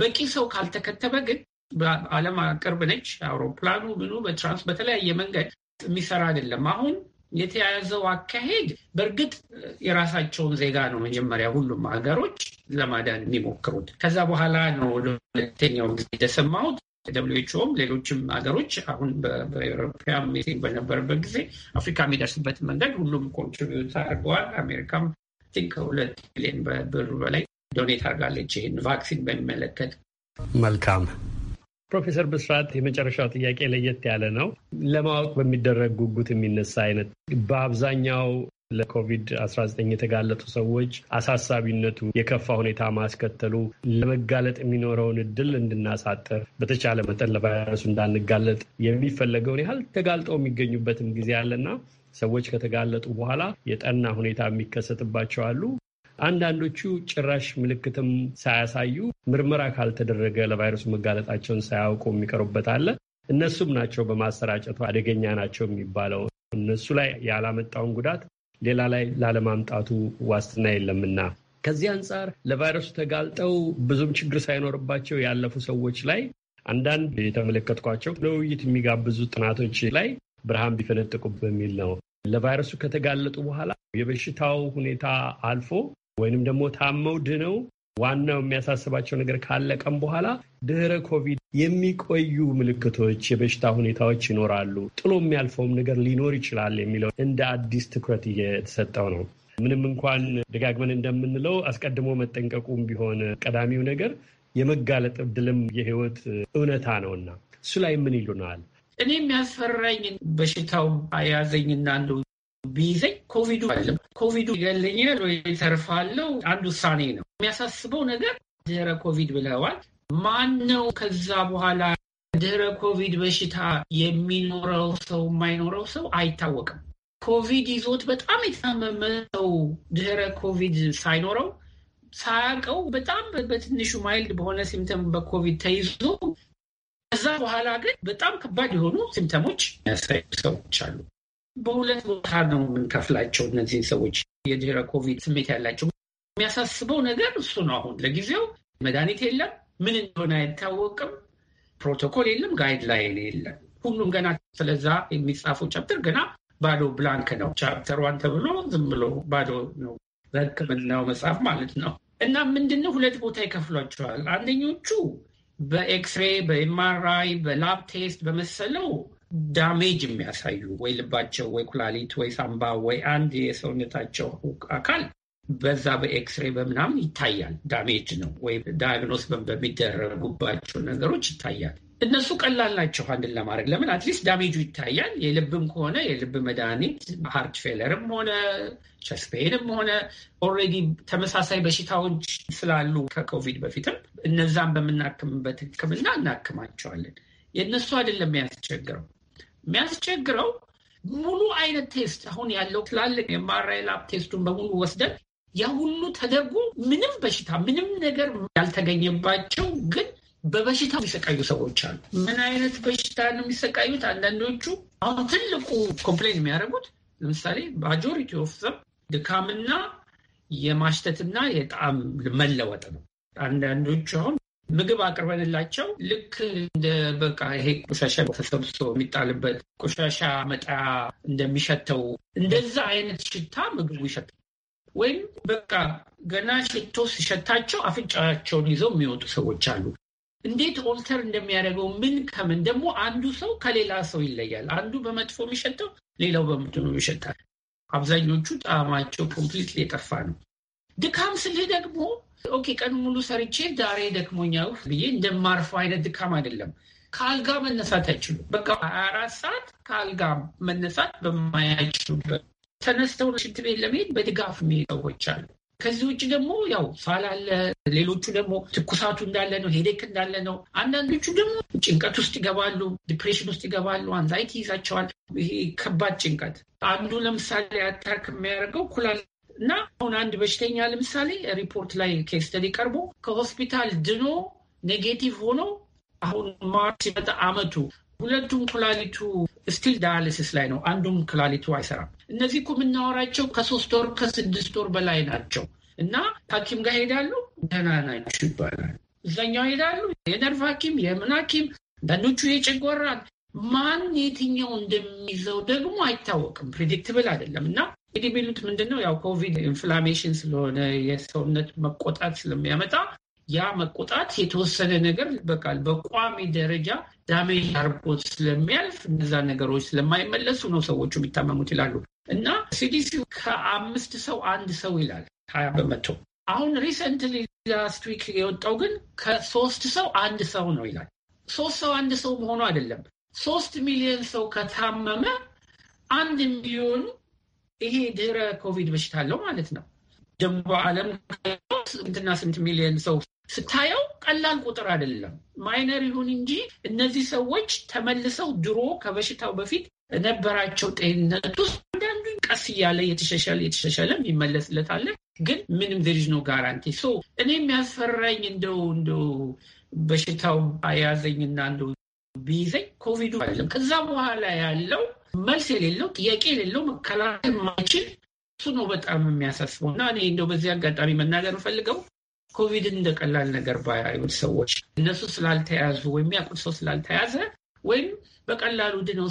በቂ ሰው ካልተከተበ ግን በዓለም ቅርብ ነች አውሮፕላኑ ምኑ በትራንስ በተለያየ መንገድ የሚሰራ አይደለም። አሁን የተያዘው አካሄድ በእርግጥ የራሳቸውን ዜጋ ነው መጀመሪያ ሁሉም ሀገሮች ለማዳን የሚሞክሩት። ከዛ በኋላ ነው ሁለተኛው ጊዜ የተሰማሁት ደብሊው ሌሎችም ሀገሮች አሁን በኤሮፓ ሚቲንግ በነበረበት ጊዜ አፍሪካ የሚደርስበት መንገድ ሁሉም ኮንትሪቢዩት አድርገዋል። አሜሪካም ከሁለት ሚሊዮን ብር በላይ ዶኔት አድርጋለች ይህን ቫክሲን በሚመለከት። መልካም ፕሮፌሰር ብስራት የመጨረሻው ጥያቄ ለየት ያለ ነው። ለማወቅ በሚደረግ ጉጉት የሚነሳ አይነት በአብዛኛው ለኮቪድ-19 የተጋለጡ ሰዎች አሳሳቢነቱ የከፋ ሁኔታ ማስከተሉ ለመጋለጥ የሚኖረውን እድል እንድናሳጥር በተቻለ መጠን ለቫይረሱ እንዳንጋለጥ የሚፈለገውን ያህል ተጋልጠው የሚገኙበትም ጊዜ አለና ሰዎች ከተጋለጡ በኋላ የጠና ሁኔታ የሚከሰትባቸው አሉ። አንዳንዶቹ ጭራሽ ምልክትም ሳያሳዩ ምርመራ ካልተደረገ ለቫይረሱ መጋለጣቸውን ሳያውቁ የሚቀሩበት አለ። እነሱም ናቸው በማሰራጨቱ አደገኛ ናቸው የሚባለው። እነሱ ላይ ያላመጣውን ጉዳት ሌላ ላይ ላለማምጣቱ ዋስትና የለምና ከዚህ አንጻር ለቫይረሱ ተጋልጠው ብዙም ችግር ሳይኖርባቸው ያለፉ ሰዎች ላይ አንዳንድ የተመለከትኳቸው ለውይይት የሚጋብዙ ጥናቶች ላይ ብርሃን ቢፈነጥቁ በሚል ነው። ለቫይረሱ ከተጋለጡ በኋላ የበሽታው ሁኔታ አልፎ ወይንም ደግሞ ታመው ድነው ዋናው የሚያሳስባቸው ነገር ካለቀም በኋላ ድህረ ኮቪድ የሚቆዩ ምልክቶች፣ የበሽታ ሁኔታዎች ይኖራሉ፣ ጥሎ የሚያልፈውም ነገር ሊኖር ይችላል የሚለው እንደ አዲስ ትኩረት እየተሰጠው ነው። ምንም እንኳን ደጋግመን እንደምንለው አስቀድሞ መጠንቀቁም ቢሆን ቀዳሚው ነገር የመጋለጥ ድልም የህይወት እውነታ ነውና እሱ ላይ ምን ይሉናል? እኔ የሚያስፈራኝ በሽታው አያዘኝና እንደው ቢይዘኝ ኮቪዱ ኮቪዱ ይገለኛል ወይ ተርፋለው፣ አንድ ውሳኔ ነው። የሚያሳስበው ነገር ድህረ ኮቪድ ብለዋል። ማን ነው ከዛ በኋላ ድህረ ኮቪድ በሽታ የሚኖረው ሰው የማይኖረው ሰው አይታወቅም። ኮቪድ ይዞት በጣም የታመመ ሰው ድህረ ኮቪድ ሳይኖረው ሳያውቀው በጣም በትንሹ ማይልድ በሆነ ሲምተም በኮቪድ ተይዞ ከዛ በኋላ ግን በጣም ከባድ የሆኑ ሲምተሞች የሚያሳዩ ሰዎች አሉ። በሁለት ቦታ ነው የምንከፍላቸው እነዚህን ሰዎች የድህረ ኮቪድ ስሜት ያላቸው። የሚያሳስበው ነገር እሱ ነው። አሁን ለጊዜው መድኃኒት የለም፣ ምን እንደሆነ አይታወቅም፣ ፕሮቶኮል የለም፣ ጋይድላይን የለም። ሁሉም ገና ስለዛ የሚጻፈው ቻፕተር ገና ባዶ ብላንክ ነው። ቻፕተር ዋን ተብሎ ዝም ብሎ ባዶ ነው በሕክምናው መጽሐፍ ማለት ነው። እና ምንድነው ሁለት ቦታ ይከፍሏቸዋል። አንደኞቹ በኤክስሬ፣ በኤምአርአይ፣ በላብ ቴስት በመሰለው ዳሜጅ የሚያሳዩ ወይ ልባቸው ወይ ኩላሊት ወይ ሳምባ ወይ አንድ የሰውነታቸው አካል በዛ በኤክስሬ በምናምን ይታያል። ዳሜጅ ነው ወይ ዳያግኖስ በሚደረጉባቸው ነገሮች ይታያል። እነሱ ቀላል ናቸው አንድን ለማድረግ ለምን አትሊስት ዳሜጁ ይታያል። የልብም ከሆነ የልብ መድኃኒት ሃርት ፌለርም ሆነ ቸስፔንም ሆነ ኦልሬዲ ተመሳሳይ በሽታዎች ስላሉ ከኮቪድ በፊትም እነዛን በምናክምበት ሕክምና እናክማቸዋለን። የእነሱ አይደለም የሚያስቸግረው የሚያስቸግረው ሙሉ አይነት ቴስት አሁን ያለው ትላልቅ የማራይ ላብ ቴስቱን በሙሉ ወስደን ያ ሁሉ ተደርጎ ምንም በሽታ ምንም ነገር ያልተገኘባቸው ግን በበሽታ የሚሰቃዩ ሰዎች አሉ። ምን አይነት በሽታ ነው የሚሰቃዩት? አንዳንዶቹ አሁን ትልቁ ኮምፕሌን የሚያደርጉት ለምሳሌ ማጆሪቲ ኦፍ ድካምና የማሽተትና የጣዕም መለወጥ ነው። አንዳንዶቹ አሁን ምግብ አቅርበንላቸው ልክ እንደ በቃ ይሄ ቆሻሻ ተሰብስቦ የሚጣልበት ቆሻሻ መጣ እንደሚሸተው እንደዛ አይነት ሽታ ምግቡ ይሸታል። ወይም በቃ ገና ሽቶ ሲሸታቸው አፍንጫቸውን ይዘው የሚወጡ ሰዎች አሉ። እንዴት ኦልተር እንደሚያደርገው ምን ከምን ደግሞ አንዱ ሰው ከሌላ ሰው ይለያል። አንዱ በመጥፎ የሚሸተው ሌላው በምትኖ ይሸታል። አብዛኞቹ ጣዕማቸው ኮምፕሊት የጠፋ ነው። ድካም ስልህ ደግሞ ኦኬ ቀን ሙሉ ሰርቼ ዛሬ ደክሞኛው ብዬ እንደማርፈው አይነት ድካም አይደለም። ከአልጋ መነሳት አይችሉ በቃ አራት ሰዓት ከአልጋ መነሳት በማያችሉበት ተነስተው ሽንት ቤት ለመሄድ በድጋፍ የሚሄድ ሰዎች አሉ። ከዚህ ውጭ ደግሞ ያው ሳል አለ። ሌሎቹ ደግሞ ትኩሳቱ እንዳለ ነው፣ ሄዴክ እንዳለ ነው። አንዳንዶቹ ደግሞ ጭንቀት ውስጥ ይገባሉ፣ ዲፕሬሽን ውስጥ ይገባሉ፣ አንዛይቲ ይዛቸዋል። ይሄ ከባድ ጭንቀት አንዱ ለምሳሌ አታክ የሚያደርገው ኩላል እና አሁን አንድ በሽተኛ ለምሳሌ ሪፖርት ላይ ኬስ ቀርቦ ከሆስፒታል ድኖ ኔጌቲቭ ሆኖ አሁን ማርች ሲመጣ አመቱ ሁለቱም ኩላሊቱ ስቲል ዳያሊሲስ ላይ ነው። አንዱም ኩላሊቱ አይሰራም። እነዚህ እኮ የምናወራቸው ከሶስት ወር ከስድስት ወር በላይ ናቸው እና ሐኪም ጋር ሄዳሉ ደህና ናቸው ይባላል። እዛኛው ሄዳሉ የነርቭ ሐኪም የምን ሐኪም አንዳንዶቹ የጨጓራ ማን የትኛው እንደሚይዘው ደግሞ አይታወቅም። ፕሪዲክትብል አይደለም እና እንግዲህ የሚሉት ምንድን ነው ያው ኮቪድ ኢንፍላሜሽን ስለሆነ የሰውነት መቆጣት ስለሚያመጣ ያ መቆጣት የተወሰነ ነገር በቃል በቋሚ ደረጃ ዳሜጅ አርጎት ስለሚያልፍ እነዛ ነገሮች ስለማይመለሱ ነው ሰዎቹ የሚታመሙት ይላሉ። እና ሲዲሲ ከአምስት ሰው አንድ ሰው ይላል ሀያ በመቶ አሁን ሪሰንትሊ ላስት ዊክ የወጣው ግን ከሶስት ሰው አንድ ሰው ነው ይላል። ሶስት ሰው አንድ ሰው መሆኑ አይደለም ሶስት ሚሊዮን ሰው ከታመመ አንድ ሚሊዮኑ ይሄ ድህረ ኮቪድ በሽታ አለው ማለት ነው። ደቡብ ዓለም ስንትና ስንት ሚሊዮን ሰው ስታየው ቀላል ቁጥር አይደለም። ማይነር ይሁን እንጂ እነዚህ ሰዎች ተመልሰው ድሮ ከበሽታው በፊት ነበራቸው ጤንነት ውስጥ አንዳንዱ ቀስ እያለ የተሻሻለ የተሻሻለ ይመለስለታለን። ግን ምንም ዘሪዝ ነው ጋራንቲ እኔ የሚያስፈራኝ እንደው እንደው በሽታው አያዘኝና እንደው ቢይዘኝ ኮቪዱ አይደለም። ከዛ በኋላ ያለው መልስ የሌለው ጥያቄ የሌለው መከላከል ማይችል እሱ ነው በጣም የሚያሳስበው። እና እኔ እንደው በዚህ አጋጣሚ መናገር ፈልገው ኮቪድን እንደ ቀላል ነገር ባያዩት ሰዎች እነሱ ስላልተያዙ ወይም ያውቁት ሰው ስላልተያዘ ወይም በቀላሉ ድነው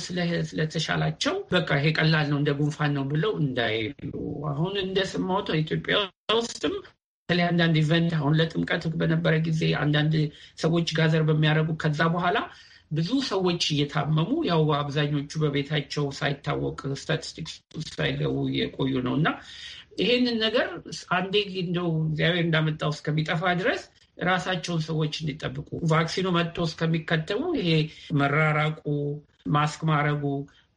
ስለተሻላቸው በቃ ይሄ ቀላል ነው እንደ ጉንፋን ነው ብለው እንዳይሉ። አሁን እንደሰማሁት ኢትዮጵያ ውስጥም በተለይ አንዳንድ ኢቨንት አሁን ለጥምቀት በነበረ ጊዜ አንዳንድ ሰዎች ጋዘር በሚያደርጉ ከዛ በኋላ ብዙ ሰዎች እየታመሙ ያው አብዛኞቹ በቤታቸው ሳይታወቅ ስታቲስቲክስ ሳይገቡ የቆዩ ነው እና ይሄንን ነገር አንዴ እንደው እግዚአብሔር እንዳመጣው እስከሚጠፋ ድረስ ራሳቸውን ሰዎች እንዲጠብቁ ቫክሲኑ መጥቶ እስከሚከተሙ ይሄ መራራቁ፣ ማስክ ማረጉ፣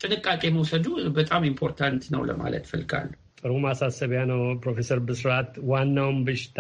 ጥንቃቄ መውሰዱ በጣም ኢምፖርታንት ነው ለማለት ፈልጋለሁ። ጥሩ ማሳሰቢያ ነው ፕሮፌሰር ብስራት። ዋናውን በሽታ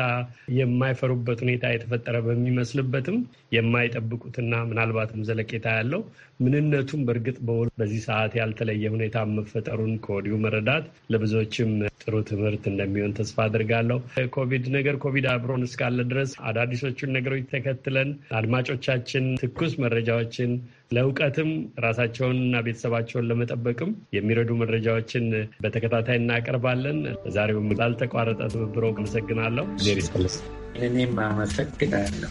የማይፈሩበት ሁኔታ የተፈጠረ በሚመስልበትም የማይጠብቁትና ምናልባትም ዘለቄታ ያለው ምንነቱም በእርግጥ በውል በዚህ ሰዓት ያልተለየ ሁኔታ መፈጠሩን ከወዲሁ መረዳት ለብዙዎችም ጥሩ ትምህርት እንደሚሆን ተስፋ አድርጋለሁ። ኮቪድ ነገር ኮቪድ አብሮን እስካለ ድረስ አዳዲሶቹን ነገሮች ተከትለን አድማጮቻችን ትኩስ መረጃዎችን ለእውቀትም ራሳቸውንና ቤተሰባቸውን ለመጠበቅም የሚረዱ መረጃዎችን በተከታታይ እናቀርባለን። ዛሬውም ላልተቋረጠ ትብብሮ አመሰግናለሁ። እኔም አመሰግናለሁ።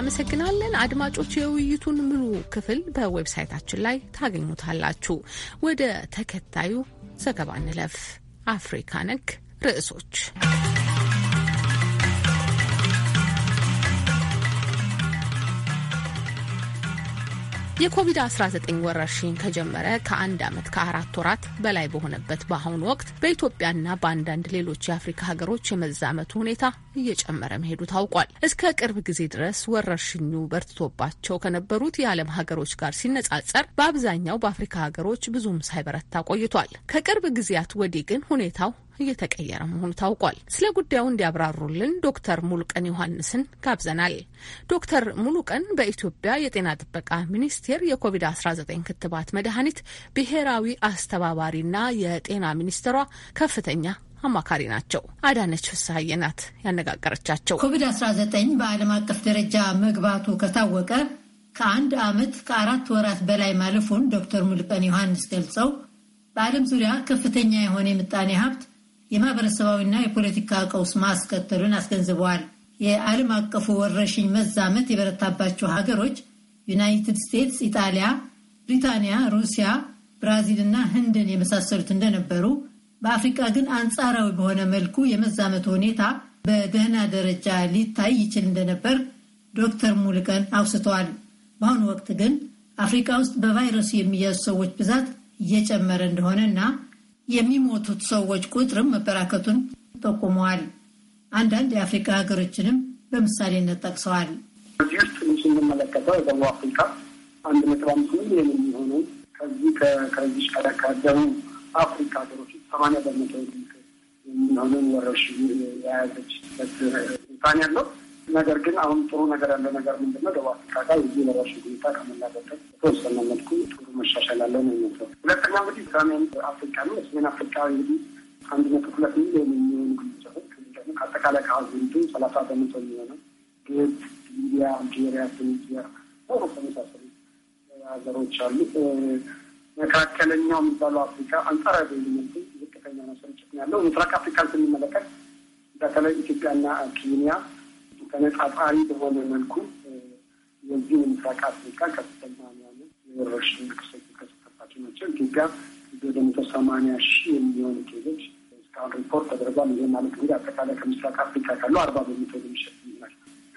እናመሰግናለን። አድማጮች የውይይቱን ሙሉ ክፍል በዌብሳይታችን ላይ ታገኙታላችሁ። ወደ ተከታዩ ዘገባ እንለፍ። አፍሪካ ነክ ርዕሶች የኮቪድ-19 ወረርሽኝ ከጀመረ ከአንድ ዓመት ከአራት ወራት በላይ በሆነበት በአሁኑ ወቅት በኢትዮጵያና በአንዳንድ ሌሎች የአፍሪካ ሀገሮች የመዛመቱ ሁኔታ እየጨመረ መሄዱ ታውቋል። እስከ ቅርብ ጊዜ ድረስ ወረርሽኙ በርትቶባቸው ከነበሩት የዓለም ሀገሮች ጋር ሲነጻጸር በአብዛኛው በአፍሪካ ሀገሮች ብዙም ሳይበረታ ቆይቷል። ከቅርብ ጊዜያት ወዲህ ግን ሁኔታው እየተቀየረ መሆኑ ታውቋል። ስለ ጉዳዩ እንዲያብራሩልን ዶክተር ሙሉቀን ዮሐንስን ጋብዘናል። ዶክተር ሙሉቀን በኢትዮጵያ የጤና ጥበቃ ሚኒስቴር የኮቪድ-19 ክትባት መድኃኒት ብሔራዊ አስተባባሪና የጤና ሚኒስትሯ ከፍተኛ አማካሪ ናቸው። አዳነች ፍስሀዬ ናት ያነጋገረቻቸው። ኮቪድ-19 በዓለም አቀፍ ደረጃ መግባቱ ከታወቀ ከአንድ ዓመት ከአራት ወራት በላይ ማለፉን ዶክተር ሙልቀን ዮሐንስ ገልጸው በዓለም ዙሪያ ከፍተኛ የሆነ የምጣኔ ሀብት የማህበረሰባዊና የፖለቲካ ቀውስ ማስከተሉን አስገንዝበዋል። የዓለም አቀፉ ወረርሽኝ መዛመት የበረታባቸው ሀገሮች ዩናይትድ ስቴትስ፣ ኢጣሊያ፣ ብሪታንያ፣ ሩሲያ፣ ብራዚል እና ህንድን የመሳሰሉት እንደነበሩ በአፍሪቃ ግን አንጻራዊ በሆነ መልኩ የመዛመት ሁኔታ በደህና ደረጃ ሊታይ ይችል እንደነበር ዶክተር ሙልቀን አውስተዋል። በአሁኑ ወቅት ግን አፍሪካ ውስጥ በቫይረሱ የሚያዙ ሰዎች ብዛት እየጨመረ እንደሆነ እና የሚሞቱት ሰዎች ቁጥርም መበራከቱን ጠቁመዋል። አንዳንድ የአፍሪካ ሀገሮችንም በምሳሌነት ጠቅሰዋል። እዚህ ውስጥ ስንመለከተው ደቡብ አፍሪካ አንድ መቶ አምስት ሚሊዮን የሚሆኑ ከዚህ ከዚህ ከደቡብ አፍሪካ ሀገሮች ሰማንያ በመቶ የሚሆነውን ወረርሽኝ የያዘችበት ሁኔታ ያለው ነገር ግን አሁን ጥሩ ነገር ያለ ነገር ምንድነው ደቡብ አፍሪካ ጋር የዚህ ወረርሽኝ ሁኔታ ከመላበጠት በተወሰነ መልኩ ጥሩ መሻሻል አለው ነው የሚመስለው። ሁለተኛ እንግዲህ ሰሜን አፍሪካ ነው። ሰሜን አፍሪካ እንግዲህ አንድ ነጥብ ሁለት ሚሊዮን የሚሆኑ ግለሰቦች ወይም ደግሞ ከአጠቃላይ ከሀገሪቱ ሰላሳ በመቶ የሚሆነው ግብጽ፣ ሊቢያ፣ አልጄሪያ፣ ቱኒዚያ ተመሳሰሉ ሀገሮች አሉ። መካከለኛው የሚባለው አፍሪካ አንጻራዊ በሚመስል ዝቅተኛ ነው ስርጭት ያለው። ምስራቅ አፍሪካን ስንመለከት በተለይ ኢትዮጵያና ኬንያ ተነጣጣሪ በሆነ መልኩ የዚህ ምስራቅ አፍሪካ ከፍተኛ የሆነ የወረርሽኝ ክስተት የተከሰተባቸው ናቸው። ኢትዮጵያ ወደ መቶ ሰማንያ ሺህ የሚሆኑ ኬዞች እስካሁን ሪፖርት ተደርጓል። ይህ ማለት እንግዲህ አጠቃላይ ከምስራቅ አፍሪካ ካሉ አርባ በመቶ የሚሸጥ ይላል።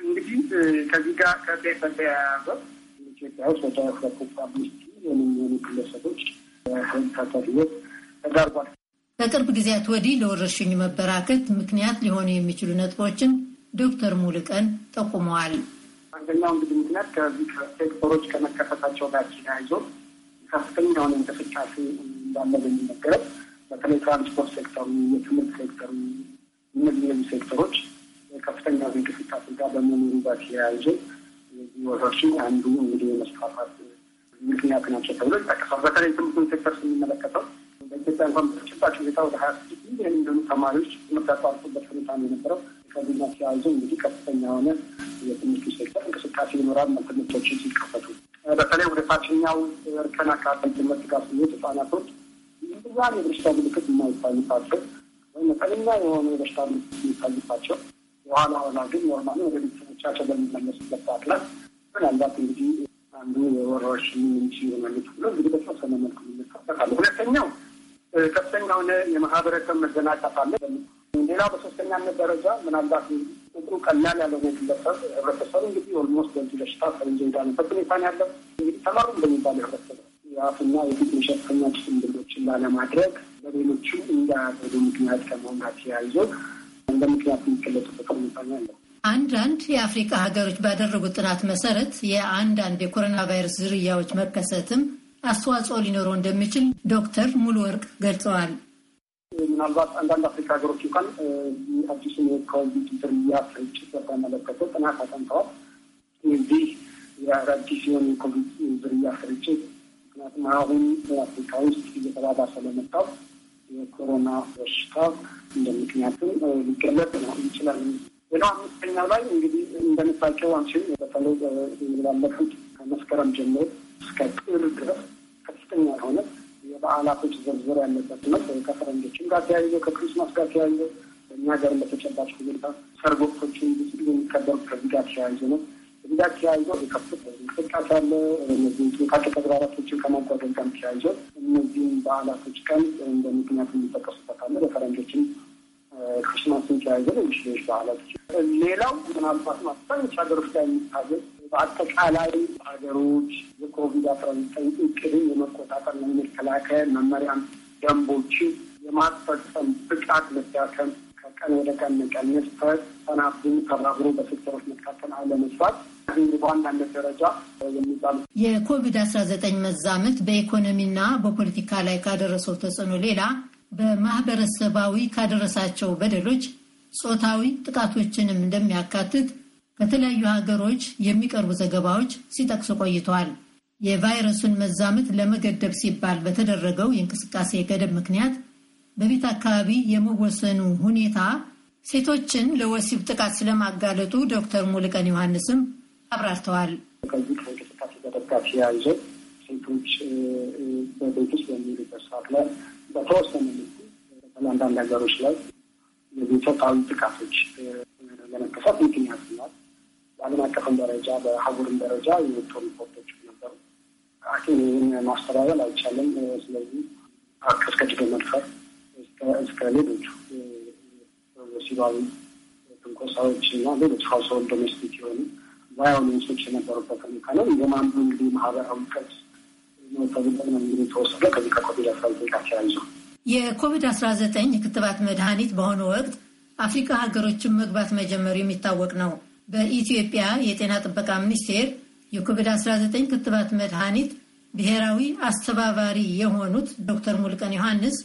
እንግዲህ ከዚህ ጋር ከተያያዘ ኢትዮጵያ ውስጥ ወደ ሁለት ነጥብ አምስት የሚሆኑ ግለሰቦች ህልታታፊነት ተዳርጓል። ከቅርብ ጊዜያት ወዲህ ለወረርሽኙ መበራከት ምክንያት ሊሆኑ የሚችሉ ነጥቦችን ዶክተር ሙልቀን ጠቁመዋል። አንደኛው እንግዲህ ምክንያት ከዚህ ከሴክተሮች ከመከፈታቸው ጋር ተያይዞ ከፍተኛ የሆነ እንቅስቃሴ እንዳለ የሚነገረው በተለይ ትራንስፖርት ሴክተሩ፣ የትምህርት ሴክተሩ፣ እነዚህ ሴክተሮች ከፍተኛ እንቅስቃሴ ጋር በመኖሩ ጋር ተያይዞ ወረርሽኝ አንዱ እንግዲህ የመስፋፋት ምክንያት ናቸው ተብሎ ይጠቀሳል። በተለይ ትምህርቱን ሴክተር ስንመለከተው በኢትዮጵያ እንኳን በተጨባጭ ሁኔታ ወደ ሀያ ስድስት ሚሊዮን የሚሆኑ ተማሪዎች ትምህርት ያቋርጡበት ሁኔታ ነው የነበረው። ከዚህ ጋር ሲያይዘው እንግዲህ ከፍተኛ የሆነ የትምህርቱ ሴክተር እንቅስቃሴ ይኖራል። ትምህርቶችን ሲከፈቱ በተለይ ወደ ታችኛው እርከን አካባቢ ትምህርት ጋር ስንሄድ ህጻናቶች ብዙዛን የበሽታ ምልክት የማይታይባቸው ወይም መጠነኛ የሆኑ የበሽታ ምልክት የሚታይባቸው የኋላ ኋላ ግን ኖርማሊ ወደ ቤተሰቦቻቸው በሚመለሱበት ሰዓት ላይ ምናልባት እንግዲህ አንዱ የወረርሽኝ ምንጭ ይሆናል ተብሎ እንግዲህ በተወሰነ መልኩ ይመጣበታል። ሁለተኛው ከፍተኛ የሆነ የማህበረሰብ መዘናጋት አለ። ሌላው በሶስተኛነት ደረጃ ምናልባት ቁጥሩ ቀላል ያልሆነ ግለሰብ ህብረተሰብ እንግዲህ ኦልሞስት በዚህ በሽታ ፈረንጀ ዳንበት ሁኔታ ነው ያለው። እንግዲህ ተማሩ እንደሚባል ህብረተሰብ የአፍና የፊት መሸፈኛ ጭንብሎችን ላለማድረግ በሌሎቹ እንዳያገዱ ምክንያት ከመሆን ተያይዞ እንደ ምክንያት የሚገለጡበት ሁኔታ ነው ያለው። አንዳንድ የአፍሪካ ሀገሮች ባደረጉት ጥናት መሰረት የአንዳንድ የኮሮና ቫይረስ ዝርያዎች መከሰትም አስተዋጽኦ ሊኖረው እንደሚችል ዶክተር ሙሉ ወርቅ ገልጸዋል። ምናልባት አንዳንድ አፍሪካ ሀገሮች እንኳን አዲሱን የኮቪድ ዝርያ ስርጭት በተመለከተ ጥናት አጠንተዋል። እዚህ የአዳዲስ የሆነ የኮቪድ ዝርያ ስርጭት ምክንያቱም አሁን አፍሪካ ውስጥ እየተባባሰ ለመጣው የኮሮና በሽታ እንደ ምክንያትም ሊገለጥ ነው ይችላል። ሌላ አምስተኛ ላይ እንግዲህ እንደምታውቂው አንቺም በተለይ ባለፉት ከመስከረም ጀምሮ እስከ ጥር ድረስ ከፍተኛ የሆነ በዓላቶች ዝርዝር ያለበት ትምህርት ከፈረንጆችም ጋር ተያይዞ ከክሪስማስ ጋር ተያይዞ እኛ ሀገር በተጨባጭ ሁኔታ ሰርግ ወቅቶችን ብዙ ጊዜ የሚከበሩት ከዚህ ጋር ተያይዞ ነው። እዚህ ጋር ተያይዞ የከፍት እንቅስቃሴ አለ። እነዚህ ጥንቃቄ ተግባራቶችን ከማጓደል ጋር ተያይዞ እነዚህም በዓላቶች ቀን እንደ ምክንያት የሚጠቀሱበት አለ። በፈረንጆችም ክሪስማስን ተያይዘ ሌሎች በዓላቶች ሌላው ምናልባት ማሳ ሀገሮች ላይ የሚታዘዝ በአጠቃላይ ሀገሮች የኮቪድ አስራ ዘጠኝ እቅድን የመቆጣጠርና የመከላከል መመሪያም ደንቦችን የማስፈጸም ብቃት መዳከም ከቀን ወደ ቀን መቀነስ ተሰናብን ተባብሮ በሴክተሮች መካከል አለመስራት በዋናነት ደረጃ የሚባሉ የኮቪድ አስራ ዘጠኝ መዛመት በኢኮኖሚና በፖለቲካ ላይ ካደረሰው ተጽዕኖ ሌላ በማህበረሰባዊ ካደረሳቸው በደሎች ጾታዊ ጥቃቶችንም እንደሚያካትት በተለያዩ ሀገሮች የሚቀርቡ ዘገባዎች ሲጠቅሱ ቆይተዋል። የቫይረሱን መዛመት ለመገደብ ሲባል በተደረገው የእንቅስቃሴ ገደብ ምክንያት በቤት አካባቢ የመወሰኑ ሁኔታ ሴቶችን ለወሲብ ጥቃት ስለማጋለጡ ዶክተር ሙልቀን ዮሐንስም አብራርተዋል። ከዚህ ከእንቅስቃሴ ገደብ ጋር ተያይዞ ሴቶች በቤት ውስጥ በሚሉበት ሰዓት ላይ በተወሰነ መልኩ አንዳንድ ሀገሮች ላይ የቤተሰባዊ ጥቃቶች ለመከሰት ምክንያት ናት። በዓለም አቀፍም ደረጃ በአህጉርም ደረጃ የወጡ ሪፖርቶች ነበሩ። ሐኪም ይህን ማስተባበል አይቻልም። ስለዚህ አቀስቀጭ በመድፈር እስከ ሌሎቹ ወሲባዊ ትንኮሳዎች እና ሌሎች ሀውስሆልድ ዶሜስቲክ የሆኑ ቫዮለንሶች የነበሩበት ሁኔታ ነው። ይህም አንዱ እንግዲህ ማህበራዊ ቀት የኮቪድ አስራ ዘጠኝ የክትባት መድኃኒት በሆነ ወቅት አፍሪካ ሀገሮችን መግባት መጀመሩ የሚታወቅ ነው። በኢትዮጵያ የጤና ጥበቃ ሚኒስቴር የኮቪድ-19 ክትባት መድኃኒት ብሔራዊ አስተባባሪ የሆኑት ዶክተር ሙልቀን ዮሐንስ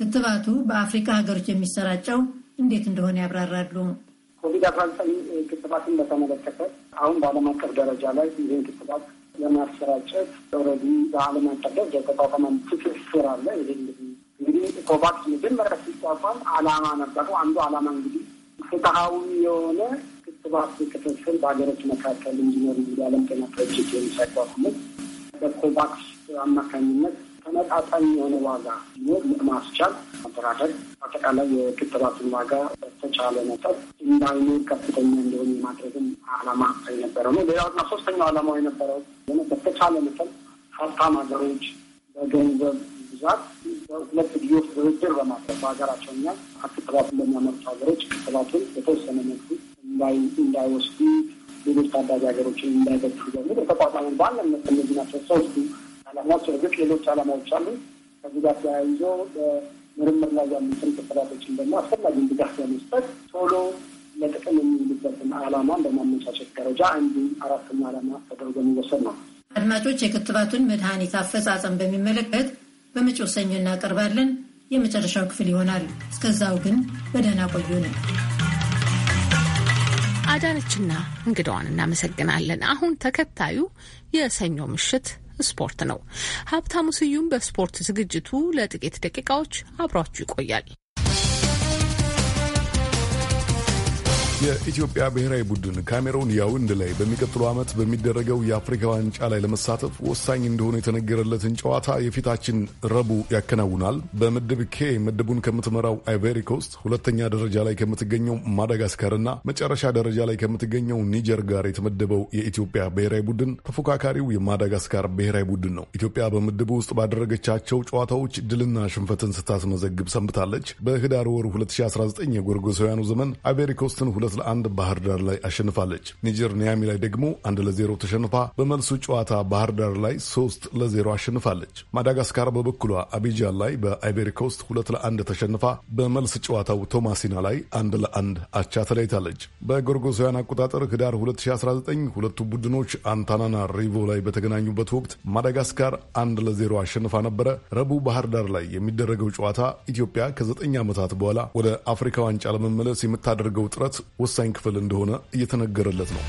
ክትባቱ በአፍሪካ ሀገሮች የሚሰራጨው እንዴት እንደሆነ ያብራራሉ። ኮቪድ አስራ ዘጠኝ ክትባትን በተመለከተ አሁን በዓለም አቀፍ ደረጃ ላይ ይህን ክትባት ለማሰራጨት ኦልሬዲ በዓለም አቀፍ የተቋቋመ ትስስር አለ። ይሄ እንግዲህ እንግዲህ ኮቫክስ መጀመሪያ ሲቋቋም ዓላማ ነበረው። አንዱ ዓላማ እንግዲህ ፍትሐዊ የሆነ ጥባት ክትትል በሀገሮች መካከል እንዲኖር የዓለም ጤና ድርጅት የሚሰጓጉነት በኮቫክስ አማካኝነት ተመጣጣኝ የሆነ ዋጋ ሲኖር ለማስቻል አደራደር አጠቃላይ የክትባትን ዋጋ በተቻለ መጠን እንዳይኖር ከፍተኛ እንዲሆን የማድረግም ዓላማ የነበረው ነው። ሌላውና ሶስተኛው ዓላማው የነበረው በተቻለ መጠን ሀብታም ሀገሮች በገንዘብ ብዛት በሁለት ጊዜዎች ድርድር በማድረግ በሀገራቸውና ክትባት በሚያመርቱ ሀገሮች ክትባቱን በተወሰነ መልኩ እንዳይወስዱ ሌሎች ታዳጊ ሀገሮችን እንዳይበቹ በሚል የተቋቋሙ በዋናነት እነዚህ ናቸው ሶስቱ አላማዎች። እርግጥ ሌሎች አላማዎች አሉ። ከዚህ ጋር ተያይዞ በምርምር ላይ ያሉትን ክትባቶችን ደግሞ አስፈላጊ ድጋፍ በመስጠት ቶሎ ለጥቅም የሚውሉበትን አላማን በማመቻቸት ደረጃ አንዱ አራተኛ አላማ ተደርጎ የሚወሰድ ነው። አድማጮች የክትባቱን መድኃኒት አፈጻጸም በሚመለከት በመጪው ሰኞ እናቀርባለን። የመጨረሻው ክፍል ይሆናል። እስከዛው ግን በደህና ቆዩ ነው። አዳነችና እንግዳዋን እናመሰግናለን። አሁን ተከታዩ የሰኞ ምሽት ስፖርት ነው። ሀብታሙ ስዩም በስፖርት ዝግጅቱ ለጥቂት ደቂቃዎች አብሯችሁ ይቆያል። የኢትዮጵያ ብሔራዊ ቡድን ካሜሮን ያውንድ ላይ በሚቀጥለው ዓመት በሚደረገው የአፍሪካ ዋንጫ ላይ ለመሳተፍ ወሳኝ እንደሆነ የተነገረለትን ጨዋታ የፊታችን ረቡዕ ያከናውናል። በምድብ ኬ ምድቡን ከምትመራው አይቬሪ ኮስት፣ ሁለተኛ ደረጃ ላይ ከምትገኘው ማዳጋስካርና መጨረሻ ደረጃ ላይ ከምትገኘው ኒጀር ጋር የተመደበው የኢትዮጵያ ብሔራዊ ቡድን ተፎካካሪው የማዳጋስካር ብሔራዊ ቡድን ነው። ኢትዮጵያ በምድቡ ውስጥ ባደረገቻቸው ጨዋታዎች ድልና ሽንፈትን ስታስመዘግብ ሰንብታለች። በህዳር ወር 2019 የጎርጎሳውያኑ ዘመን አይቬሪ ኮስትን ሁለት ለአንድ ባህር ዳር ላይ አሸንፋለች። ኒጀር ኒያሚ ላይ ደግሞ አንድ ለዜሮ ተሸንፋ በመልሱ ጨዋታ ባህር ዳር ላይ ሶስት ለዜሮ አሸንፋለች። ማዳጋስካር በበኩሏ አቢጃን ላይ በአይቤሪ ኮስት ሁለት ለአንድ ተሸንፋ በመልስ ጨዋታው ቶማሲና ላይ አንድ ለአንድ አቻ ተለይታለች። በጎርጎሳውያን አቆጣጠር ህዳር 2019 ሁለቱ ቡድኖች አንታናና ሪቮ ላይ በተገናኙበት ወቅት ማዳጋስካር አንድ ለዜሮ አሸንፋ ነበረ። ረቡዕ ባህር ዳር ላይ የሚደረገው ጨዋታ ኢትዮጵያ ከዘጠኝ ዓመታት በኋላ ወደ አፍሪካ ዋንጫ ለመመለስ የምታደርገው ጥረት ወሳኝ ክፍል እንደሆነ እየተነገረለት ነው።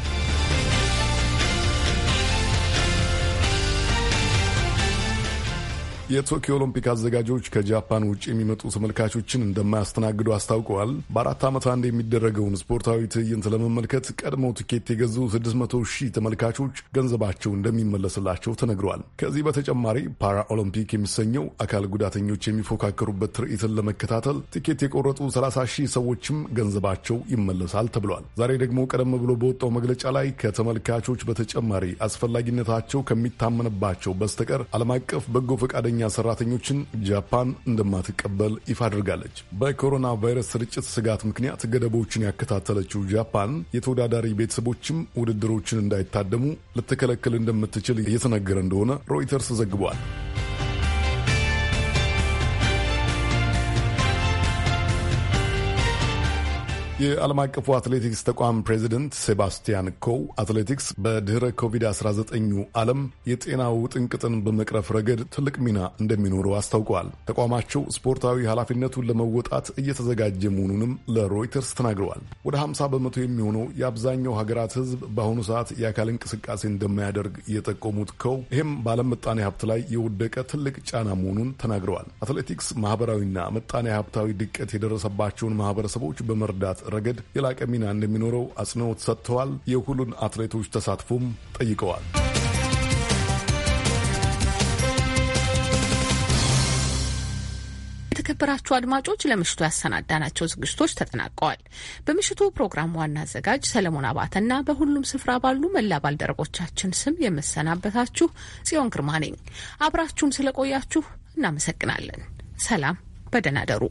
የቶኪዮ ኦሎምፒክ አዘጋጆች ከጃፓን ውጭ የሚመጡ ተመልካቾችን እንደማያስተናግዱ አስታውቀዋል። በአራት ዓመት አንድ የሚደረገውን ስፖርታዊ ትዕይንት ለመመልከት ቀድሞ ትኬት የገዙ 600 ሺህ ተመልካቾች ገንዘባቸው እንደሚመለስላቸው ተነግሯል። ከዚህ በተጨማሪ ፓራ ኦሎምፒክ የሚሰኘው አካል ጉዳተኞች የሚፎካከሩበት ትርኢትን ለመከታተል ትኬት የቆረጡ 30 ሺህ ሰዎችም ገንዘባቸው ይመለሳል ተብሏል። ዛሬ ደግሞ ቀደም ብሎ በወጣው መግለጫ ላይ ከተመልካቾች በተጨማሪ አስፈላጊነታቸው ከሚታመንባቸው በስተቀር ዓለም አቀፍ በጎ ፈቃደኛ ከፍተኛ ሰራተኞችን ጃፓን እንደማትቀበል ይፋ አድርጋለች። በኮሮና ቫይረስ ስርጭት ስጋት ምክንያት ገደቦችን ያከታተለችው ጃፓን የተወዳዳሪ ቤተሰቦችም ውድድሮችን እንዳይታደሙ ልትከለክል እንደምትችል እየተነገረ እንደሆነ ሮይተርስ ዘግቧል። የዓለም አቀፉ አትሌቲክስ ተቋም ፕሬዚደንት ሴባስቲያን ኮው አትሌቲክስ በድኅረ ኮቪድ-19 ዓለም የጤና ውጥንቅጥን በመቅረፍ ረገድ ትልቅ ሚና እንደሚኖረው አስታውቀዋል። ተቋማቸው ስፖርታዊ ኃላፊነቱን ለመወጣት እየተዘጋጀ መሆኑንም ለሮይተርስ ተናግረዋል። ወደ 50 በመቶ የሚሆነው የአብዛኛው ሀገራት ሕዝብ በአሁኑ ሰዓት የአካል እንቅስቃሴ እንደማያደርግ የጠቆሙት ኮው ይህም በዓለም ምጣኔ ሀብት ላይ የወደቀ ትልቅ ጫና መሆኑን ተናግረዋል። አትሌቲክስ ማኅበራዊና ምጣኔ ሀብታዊ ድቀት የደረሰባቸውን ማኅበረሰቦች በመርዳት ረገድ የላቀ ሚና እንደሚኖረው አጽንኦት ሰጥተዋል። የሁሉን አትሌቶች ተሳትፎም ጠይቀዋል። የተከበራችሁ አድማጮች ለምሽቱ ያሰናዳናቸው ዝግጅቶች ተጠናቀዋል። በምሽቱ ፕሮግራም ዋና አዘጋጅ ሰለሞን አባተና በሁሉም ስፍራ ባሉ መላ ባልደረቦቻችን ስም የምሰናበታችሁ ጽዮን ግርማ ነኝ። አብራችሁን ስለቆያችሁ እናመሰግናለን። ሰላም፣ በደህና ደሩ።